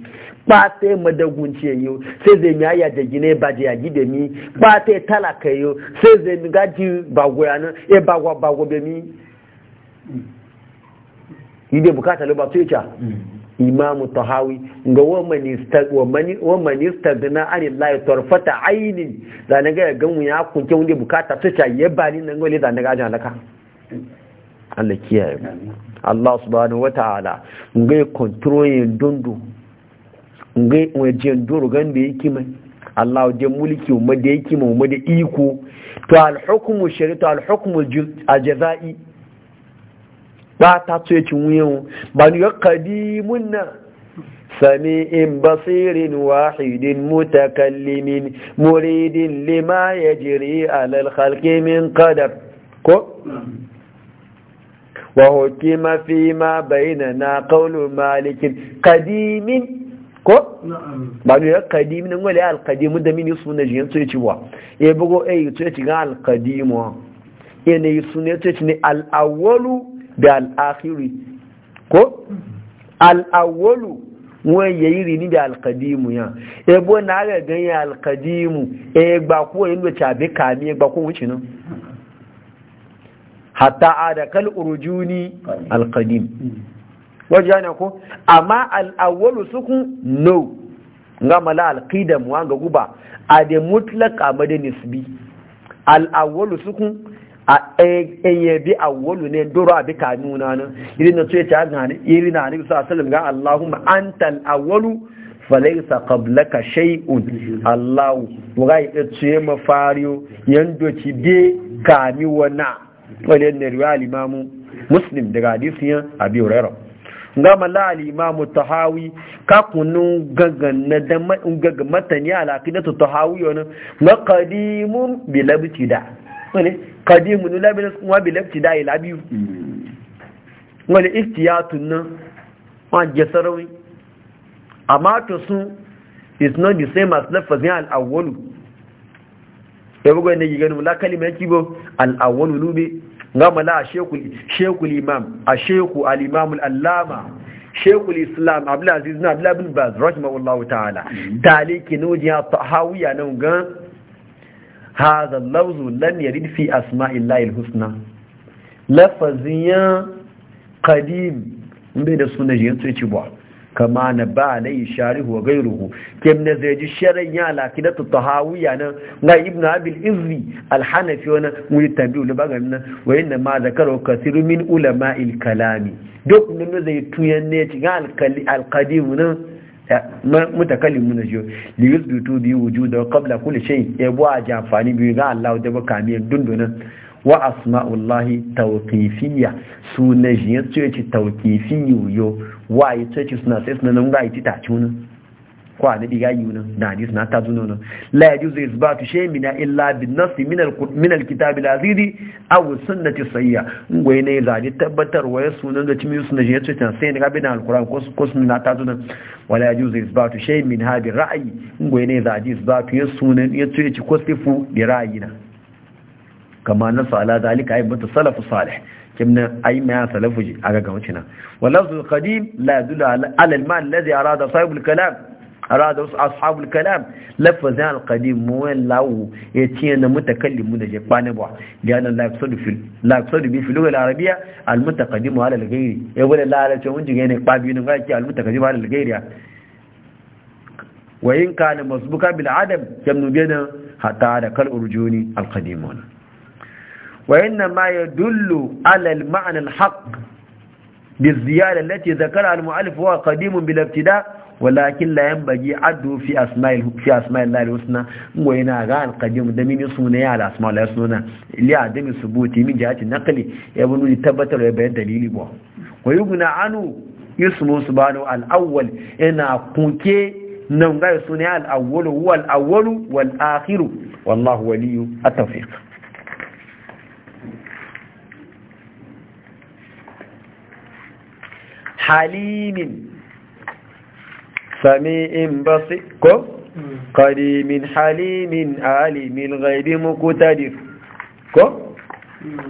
pate madagunci yo sai zai ya ya da gine ba ya gi da ni pate talaka yo sai zai mi gaji bago ya nan e bagwa bago be yi ide bukata lo ba to ya imamu tahawi ga waman istagna ani layi torfata ainin da na ga ganwu ya kunke wunde bukata ta ce ba ni na gole da na gaji alaka Allah kiyaye mu Allah subhanahu wataala ngai controlling dundu ngai waje duru ganda yake mai Allah waje mulki umma da yake mai umma da iko to al hukmu to al hukmu al jazai ba ta tsoye cin wuyan ba ni qadimun basirin, wahidin mutakallimin muridin lima yajri ala al khalqi min qadar Ko. وحكم فيما بيننا قول مالك قديم ko ba ne alqadim nan wala alqadim da min yusu na jiyan to wa e bugo e to yace ga al e ne yusu ne to yace ne al awwalu da al akhiri ko al awwalu wa yayi ni da al alqadim ya e bo na ga ganya al alqadim e gba ko yin do be kami e gba ko wuce nan hatta ada kal urujuni alqadim wajana ko amma al-awwalu sukun no nga mala alqidam wa ga guba a da mutlaq amada nisbi al-awwalu sukun a eye bi awwalu ne doro abi kanuna irin na ce ga ne irin na ne sallallahu alaihi ga Allahumma antal awwalu falaisa qablaka shay'un Allahu wa ga ya ce mafariyo yando ci be kami wana wani yadda riwa alimamu muslim daga yan abi hurairah nga mala alimamu tahawi ka kunun gaganna da gaga matani alaqidatu tahawi wani na qadimun bil ibtida wani qadimun la bil wa bil ibtida ila biyu wani iftiyatun nan wa jasarawi amma to sun is not the same as lafazin al-awwalu ya bugu ne yi gani la kalima yake bo al-awwalu lube ngama la shekul shekul imam a sheku al-imam al-allama shekul islam abdulaziz na abdullah bin baz rahimahullahu ta'ala mm-hmm. taliki nuji ya tahawiya nan gan hadha lawzu lam yarid fi asma'illahi al-husna lafazin qadim mbe da sunan jiyan sai ci ba kama na ba alayhi sharihu wa gairuhu kem na zai ji sharan ya ta tahawiya nan na ibnu abil izri alhanafi wannan wani tabi'u ne na. wani wa inna ma zakaru kathiru min ulama il kalami duk na zai tuyan ne ci ga alqadim nan mu na jiyo li biyu bi wujuda qabla kulli shay ya bu a jafani biyu. ga Allah da baka mi dundunan wa asma'ullahi tawqifiyya sunan jiyan ce tawqifiyu yo Waye yi tsoci suna sai suna nan gayi tita ci wani ko a nabi yi wani na hadis na ta zuno nan la ya juzu isba tu shay mina illa bin nafsi min al kitab al azizi aw sunnati sayya ngwai ne zaji tabbatar wa sunan da cimi sunan ya tsoci sai ne gabi na alquran ko ko sunna ta zuno wala ya juzu isba tu shay min hadi ra'yi ngwai ne zaji isba tu ya sunan ya ci ko sifu bi na. kama nasa ala zalika ayyubatu salafu salih kimna ay ma salafu aga ga wucina wallahu qadim la yadullu ala al-man alladhi arada sahibul kalam arada ashabul kalam lafazan al-qadim mu lawu yace na mutakallimu da jabana ba lian la yaqsadu fil la yaqsadu bi fil al-arabiyya al-mutaqaddimu ala al-ghayri ya wala la ala tawun jiga ne kwabi ne ga ki al-mutaqaddimu ala al-ghayri wa in kana masbuka bil adam yamnu bina hatta da kal urjuni al-qadimun wa in na ya dullu alal ma'anar haq bi ziyara lati zakara al mu'alif wa kadimu bi lafti da wala kin la yan bagi adu fi asma'il lai wasuna in wani na ga al kadimu da mini suna ya ala asma'il lai wasuna liya da mi su buti mi ja ati nakali ya tabbatar wa ya bayan dalili ba wa yi guna anu yi su musu bano al awwal ina kunke nan ga ya suna ya al awwalu wal awwalu wal akhiru wallahu waliyu atafiqa halimin sami'in basi ko kadimin halimin alimin ghaibi muqtadir ko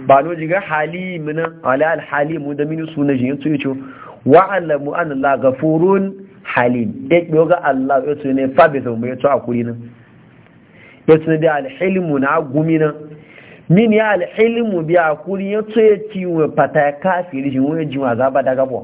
ba no jiga halimin ala al halimu da min sunan jin su yace wa alamu an la ghafurun halim e ga Allah yace ne fa be zo mai to akuri nan yace da al hilmu na gumina min ya al hilmu bi akuri yace ci wa pataka fili jin wa jin azaba daga bo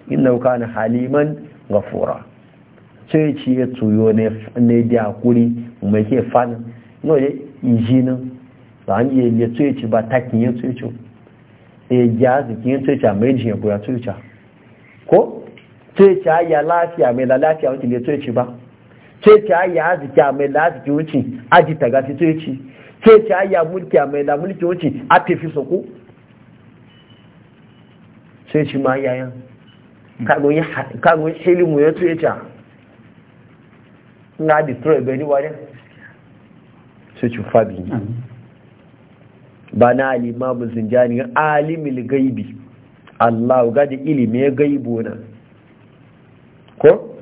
inna kana haliman gafura sai ci ya tsoyo ne da hakuri mai ke fana no ya iji nan ba an iya ya tsoye ci ba takin ya tsoye ci ya gya zikin ya ci a mai jiyar ko ya tsoye ci ko tsoye ci a ya lafiya mai da lafiya wuce ya tsoye ci ba tsoye ci a ya aziki a mai da aziki wuce aji taga fi tsoye ci tsoye ci a ya mulki a mai da mulki wuce a tafi soko sai ci ma yayan kago ilimu ya tuye ca na destroy gani wani su ci fabi ba na alimamu zinjani alimil gaibi allahu gadi ilimi ya gaibo na ko?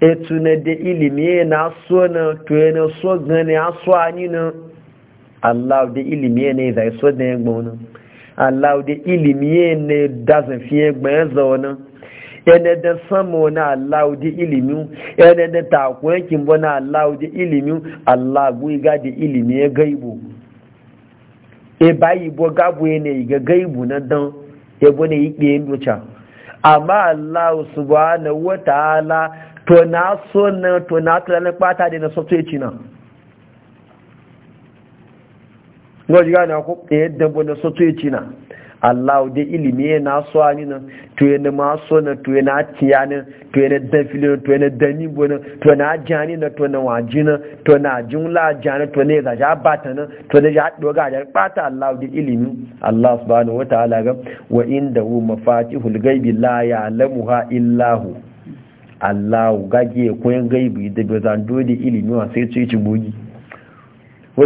etu na da ilimi na aso na tuye na so gani aso so na allahu da ilimi na ya zai so na ya gbaunan Allah da ilimi yana da zafiye gbayan zaune yana da samu na Allah da ilimi yana da takwakin bana Allah da ilimi Allah guiga da ilimi ya e gaibu e bayi bo gabu yana ga gaibu na dan ya e bane yi ɗayan doca amma Allah subhanahu wa ta'ala to na so na to na tunanin ɓata da na sotoci nan gani ko ku yadda dabba na soto ya cina Allah da ilimi ya na so ani na to ya ma so na to ya na tiya na to ya na fili nan to ya na ni bo na, to na jani na, to na waji nan to na jumla jani to ne ga ja bata na to da ja ga ja bata Allah da ilimi Allah subhanahu wataala ga wa hu mafatihul ghaibi la ya'lamuha illa hu Allah gage koyan gaibi da bazan dole ilimi wa sai ce ci bogi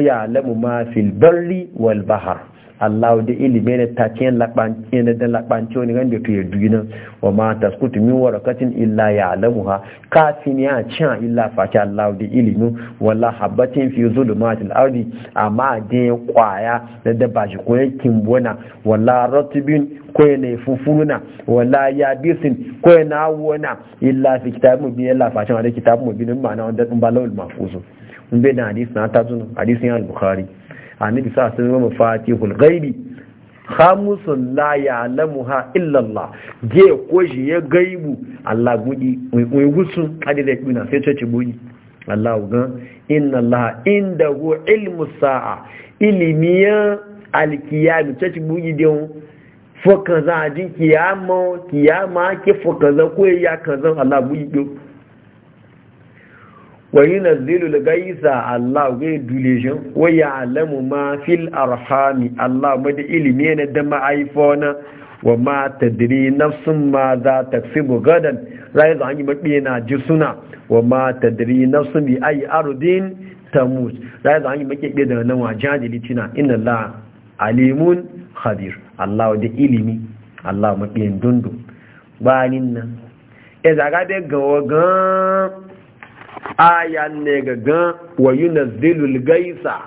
ya ya'lamu ma fil barri wal bahr Allah da ilimi ne ta ce laɓance ne da laɓance wani ganda to ya duniya wa ma ta skutu min warakatin illa ya alamu ha kafin ya cin illa face Allah da ilimi wala habatin fi zulumatil ardi amma da kwaya da da ba ko koyan bona wala ratibin ko ne fufuna wala yabisin ko na wona illa fi kitabun bi illa wa wani kitabun bi ma'ana wanda tun ba lawul in bai da hadisi na ta zuna ya al-bukhari annabi sa sun zama fatihul ghaibi khamusun la ya'lamuha illa Allah je ko shi ya gaibu Allah gudi wai kada adida kuna sai ce ci gudi Allah ga inna Allah indahu ilmu sa'a ilimiya alkiyami ce ci gudi don fo kaza kiyama kiyama ke fo kaza ko ya kaza Allah gudi وينزل الغيث الله غي دوليجن ويعلم ما في الارحام الله مد علمي ne da ma'aifona wa ma tadri nafsun ma za taksibu a rai zan yi mabi na ji suna wa ma tadri nafsun bi ay ardin tamut rai zan yi nan wa Allah ilimi Allah aya ne gagan wa yunazzilul gaisa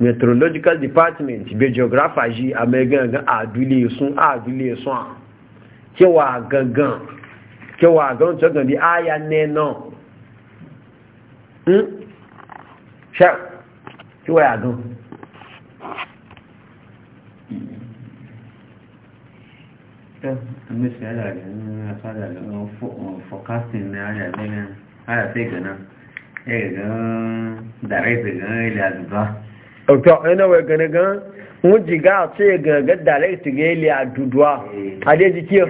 meteorological department be geographer ji a mai gangan adule sun adule sun kewa gangan kewa gangan to gangan di aya ne na hmm sha kewa ya gan Mr. Adar, forecasting ni ayà lẹ́yìn. haya sai ga nan ya ga da rai sai ga ila zuba to ina wai ga ga mun jiga sai ga ga da rai sai ga ila duduwa ade jiki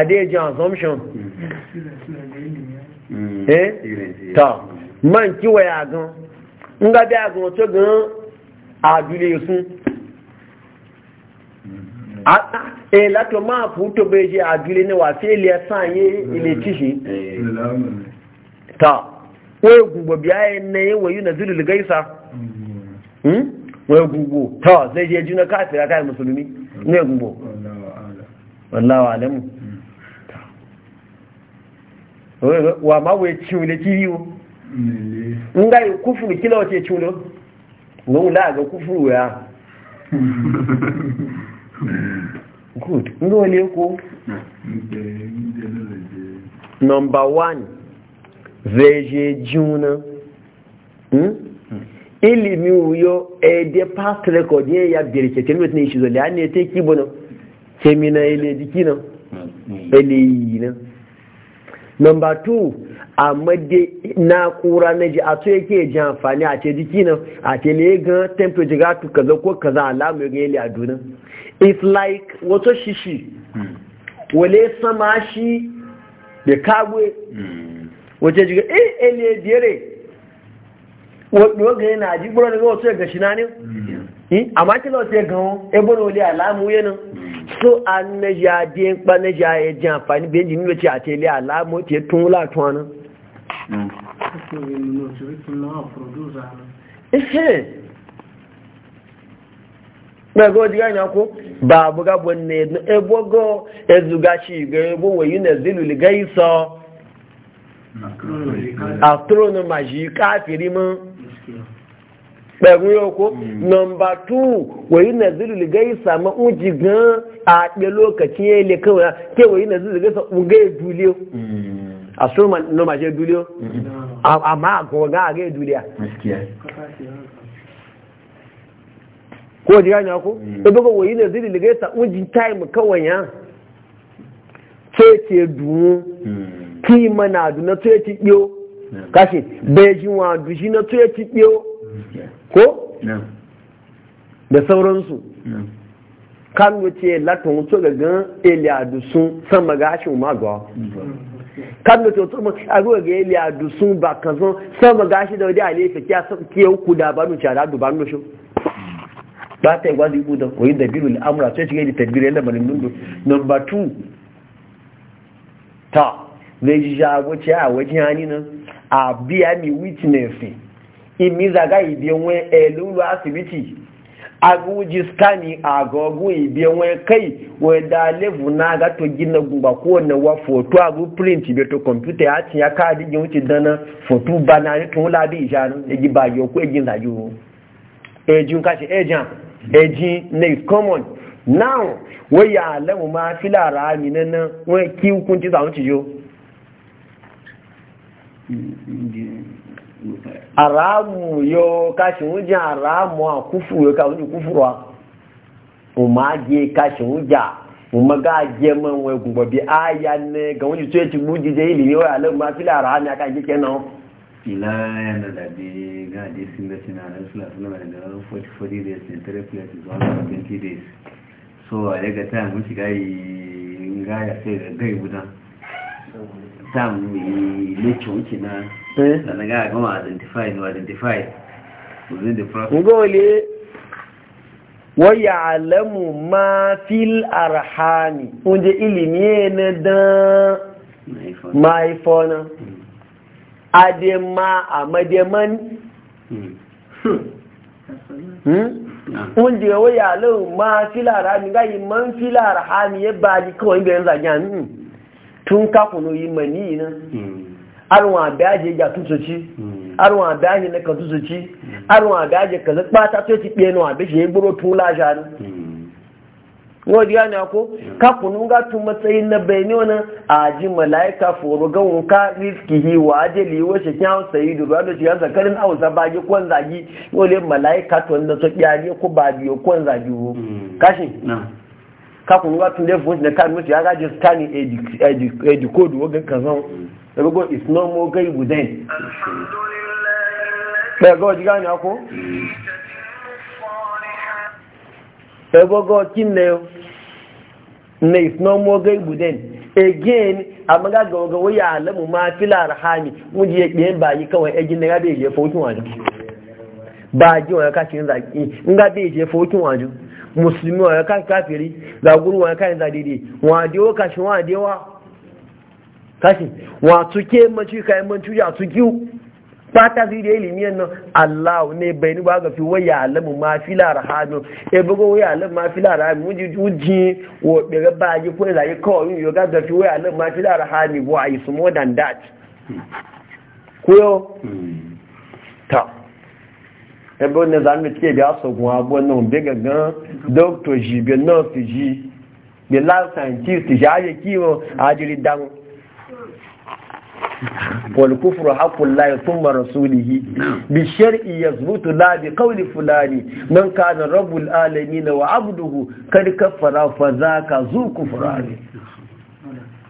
ade ji assumption hmm. eh ta man ki waya gan nga bi agun to gan adule fun e lato ma fu to a adule ne wa fi ile san ye hmm. ile tishi eh. ta wai gugu biyaye na yin wayu na zirul gaisa hmm? wai gugu ta zai je juna kafira kai musulmi ne gugu wallawa alamu wa ma wai ciwule kiriyo in mm. ga yi kufuru kila wace ciwule wani wula ga kufuru ya good in ga wale ko number one zai je juna hmm? ilimi wuyo a dai past record ne ya birke kelmet ne shi zole da ne ta kibo nan kemi na ile diki na ile yi na number two a madi na kura na ji a to yake ji amfani a ce diki na a ce ne ga temperature ga tu kaza ko kaza alamu ga ile a dunan it's like wato shishi hmm. wale sama shi da kagwe hmm. wace jiga eh ele dire wato oge na ji gboro daga so ga shinani amma kila wato ya gawo ebo hmm. na ole alamu yanin so an na ya di n pa ya ji amfani bayan jini wace a tele alamu ta tun wula tuwanin ihe hmm. gbogbo jiga ya ko ba buga bonne ga na Mm. astroma ji kafiri mun pẹ̀rún yóò mm. nọmba wòyí na zilu liga ma ń gan a ɗe lokacin ya ile kawai ke wòyí na zilu liga isa dule mm. astroma dule a kuma a ga ya dule ko ji gani ako ebe wòyí na zilu liga isa ń kawai ya ce kí mana àdúná na yẹ ti pé ó káṣí wa jí shi na tó yẹ ti pé ko da sauransu kan wuce latin wuce gagan iliyadu sun sama gashin magawa kan wuce wuce mun agogo ga iliyadu sun ba kan sun sama gashi da wadda alifa kiya ke uku da banu cara da banu shi ba ta yi gwazi ibu da koyi da biru al'amura sai shiga da tabbiri yadda marin dundu number two ta zai ji shago ce a wajen hannu nan a biya mi witnessi elulu e asibiti aguji skani agogo ibiyanwe kai wadda levu na gato gina gumba na wa foto agu print ibe to computer ya tiya kaadi jin wuce dana foto ba na ni tun labi eji ba yoku eji e zayo ejin kashi e ejan ejin na is common now wai ya alamu ma fila rami nan nan wai ki hukunci zaunci aramu yo kashi wuja aramu a kufu yo ka wuji kufuruwa umma kashi wuja umma ga je man bi aya ne ga wuji tuye ci buji je ilimi wai alam ma fila aramu ya kan kike nan ila yana da bi ga je sin da sin ala sula sula da 44 days in 3 places 120 days so a daga ta mun shiga yi ga sai da gai gudan sam mai kina da na eh? identify no identify within the process ya ba kawai ga tun kakuno yi mani ina arwa daji ga tutuci arwa daji na ka tutuci arwa daji ka zakpa kpata to ti pe no abi je gboro tun la ni hmm. ngo diga ne ko hmm. kakunu ga tun matsayin na bayani wannan aji malaika foro ga wonka rizkihi wa ajali wa shakyan sayyidu ba da shiga zakarin ausa ba ji kwan zagi ngo le malaika to na so biya ko ba biyo kwan zagi hmm. kashin na'am kakun wa tun lefu ne kan mutu ya gaji stani edi code wo gan kazan da go is no mo gai within be go jiga ni ako be go go kinne ne is no mo gai within again amma ga ga ga waya alamu ma fil arhami muje ba yi kawai egin ga be je ba ji wa ka cin zaki in ga be je fokin waju musulmi wa ya kan kafiri zaguru wa ya kan zadidi wa dewa kashi wa dewa kashi wa tuke mace kayan mancu ya tuki fata zai da ilimi nan Allah ne bai ni ba ga fi waya alamu ma fi larhanu e bugo waya alamu ma fi larhanu muji juji wo bere ba yi ko la yi ko yin ga ga fi waya alamu ma fi larhanu bo ai more than that hmm. ko hmm. ta ebe onye za mmetụ ebe asọgwụ abụọ na mbe gangan dọkịta ji be nọọsụ ji be lab scientist ji aje kiwo ajiri dan wal kufru haqqul lahi thumma rasulih bi shar'i yazbutu la bi qawli fulani man kana rabbul alamin wa abduhu kad kafara fa zaka zu kufrani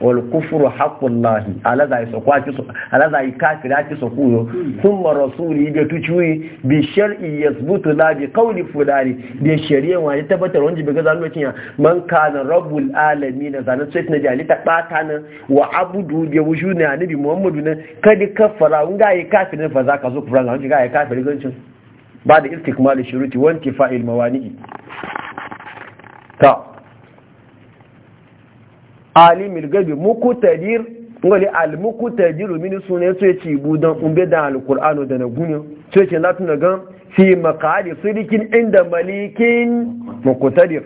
wal kufru haqqullahi alaza isokwati alaza ikafirati sokuyo thumma rasuli da tuciwi bi shar'i yasbutu la bi qawli fulani bi shari'a wa ya tabbatar wanda bi gaza lokacin man kana rabbul alamin zanan sai na jali ta bata nan wa abudu bi wujuna annabi muhammadu na kadi kafara unga yi kafirin fa zaka zo kuran wanda ga yi kafirin gancin ba da istikmal shuruti wanti fa'il mawani ta alimil gabi mukutadir ngoli al mukutadiru min sunan sai ci budan umbe da alqur'ano da na gunyo sai ce latin da gan fi maqali sidikin inda malikin mukutadir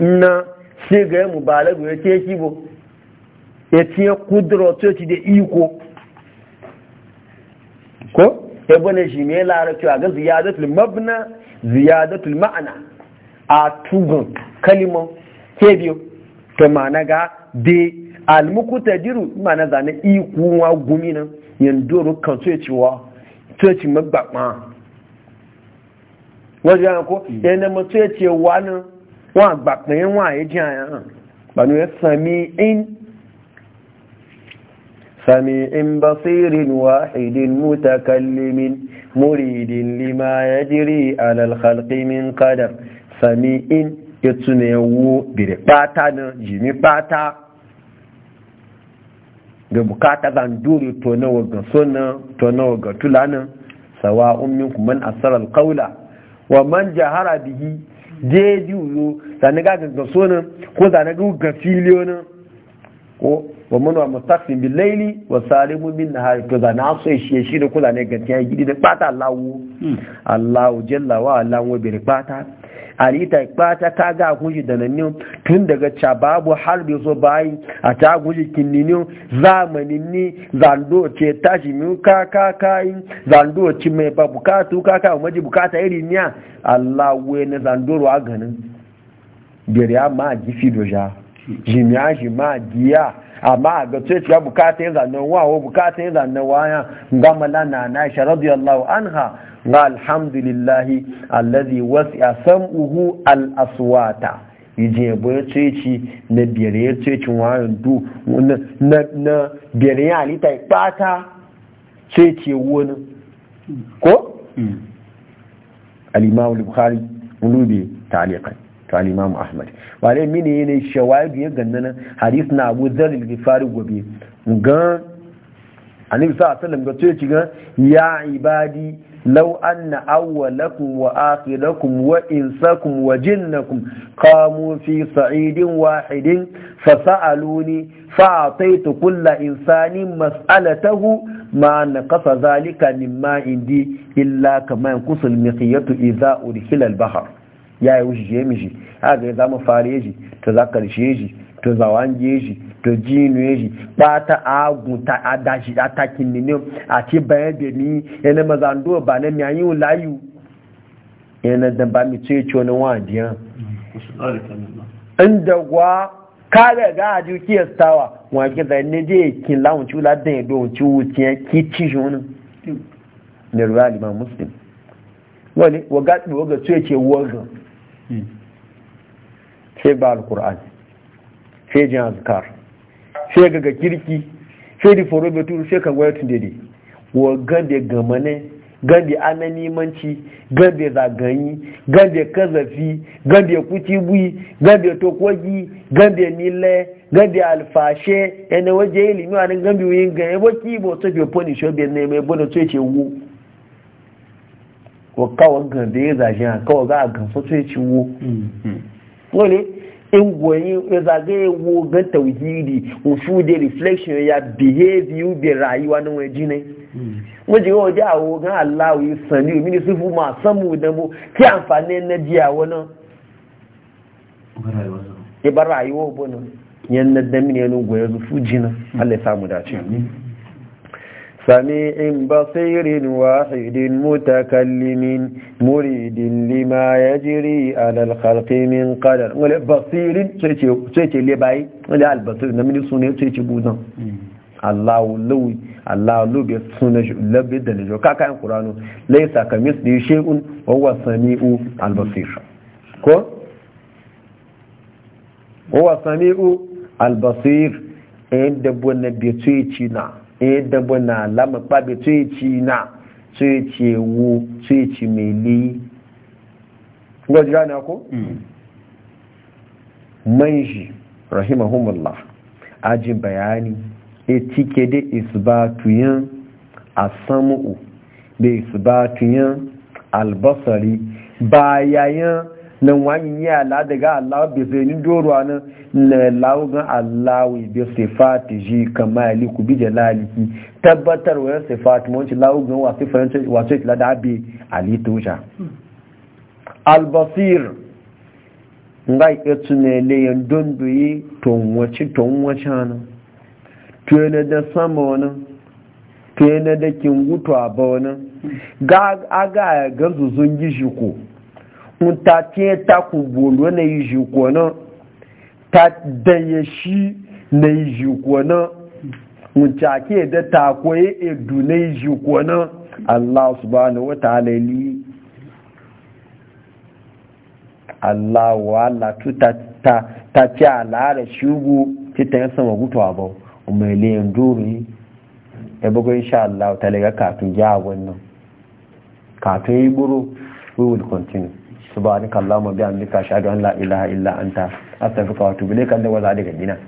na sai ga mubalagu ya ce kibo ya tiye kudura sai ci da iko ko ebone shi ne larabci a ga ziyadatul mabna ziyadatul ma'ana a tugun kalimon ke biyu to ma'ana ga de almukuta diru mana zane ikuwa gumi nan doro kan so cewa so ci magbama wajen yana ko hmm. yana so ya ce wani wọn àgbàpẹ̀ wa wọn àyè jẹ́ àyà hàn pẹ̀lú ya sami in sami in basirin wahidin mutakallimin muridin lima ya jiri alal khalqi min qadar sami in ètù ne ẹwú bèrè pátá náà jimi pátá ga bukata zan dore to na waga sunna to nawa ga tulana ummin minkum man asara alqawla wa man jahara bihi je uzo zan ga ga sunna ko zan ga ga filiyona ko wa man wa mustaqim bil layli wa salimu hari, nahar to zan aso shi shi da ko zane ga e tiya gidi da pata Allahu hmm. Allahu jalla wa ala wa bi pata alita bata ta ga guji da nan tun daga cababu bai so bayi a ta guji kinnini zamanin ni zando ce shi min ka ka kayin zando ci mai ba bukatu ka ka maji bukata iri niya Allah we na zando ruwa ganin ya ma ji fi doja jimiya ma diya amma ga ce ya bukata yin zanen wa wa bukata yin zanen wa ya ngamala na na isha radiyallahu anha na alhamdulillahi allazi san uhu al-aswata ya boye ceci na biyare ya ceci wayan du na na biyare ya alita ipata ceci wani ko hmm. al-imam al-bukhari mulubi ta'liqan to al ahmad wale mini ne shawaibi ya gannana hadith na abu dhar al gobe gan anibisa asalin alaihi wasallam ga ceci ga ya ibadi لو أن أولكم وآخركم وإنسكم وجنكم قاموا في صعيد واحد فسألوني فأعطيت كل إنسان مسألته ما نقص ذلك مما عندي إلا كما ينقص المقية إذا أدخل البحر يا يوجي جيمجي هذا إذا مفاريجي تذكر شيجي to zawange shi to jinu shi bata agun ta adashi atakin ni a ci bayan da ni yana ba na mi ayi layu yana da mi ce ce wani wadiya inda gwa kare ga aju kiyastawa wa ki da ne je kin lawun chula den do chu ti ki ci junu ne wani sai jin azkar sai ga ga kirki sai di foro betu sai ka gwaya tun dede wa gande gamane gande ananimanci gande zagayi? gande kazafi gande kucibui gande tokogi gande nile gande alfashe ene waje ilimi wa nan gambi yin ga ebo kibo to be punish obe ne me bono to ce wu wa kawo gande ya zaje kawo ga gan so to ce wo mm-hmm. wole in goyi ya zagaye wogan tauhidi reflection ya behavior rayuwa na waje ne hmm. wajen yawon da wogan allahu yi sani omini sufu ma samu hmm. da mu ki amfani na jiya wani ya ba rayuwa bu nan yan na damini yanin goyi zufu jina allai dace سميع بصير واحد متكلم مريد لما يجري على الخلق من قدر ولا بصير تيتي لي باي ولا البصير من سوني تيتي بوزان الله لو الله لو بسنة لب دلجو كاكا القران ليس كمثله شيء وهو سميع البصير كو هو سميع البصير عند بو نبي نعم yadda eh, bana lama babe tsoyici e na tsoyici e ewu tsoyici e mai liyi gwaji gane ko? Mm. manji rahimahumullah aji bayani e da isbatuyin asamu'u da isbatuyin albasari bayayen nan wani ya la daga Allah bi zainin doro nan na laugan Allah bi sifati ji kamali ku bi jalaliki tabbatar wa sifati mun ci laugan wasu sifati wa sai la da bi ali tuja al basir ngai etu ne le yan dondu yi ton wace ton wace nan to da sama wani. to na da kingutu a ba wannan ga aga ga zuzun shi ko ta tiye ta ku bolo na yi shi kona ta danye shi na yi shi kona muta ke da ta koye du na yi zi kɔ na Allah subhanahu wa ta'ala li Allah wa Allah ta ta ta ci shi shugo ta ta yasa magutuwa ba mai liyan duri ya e bugu insha Allah ta lega katun ya wannan katun yi buru we will continue su subhanaka allahumma bihamdika ashhadu an la ilaha illa anta astaghfiruka wa atubu ilayk da waza daga dinan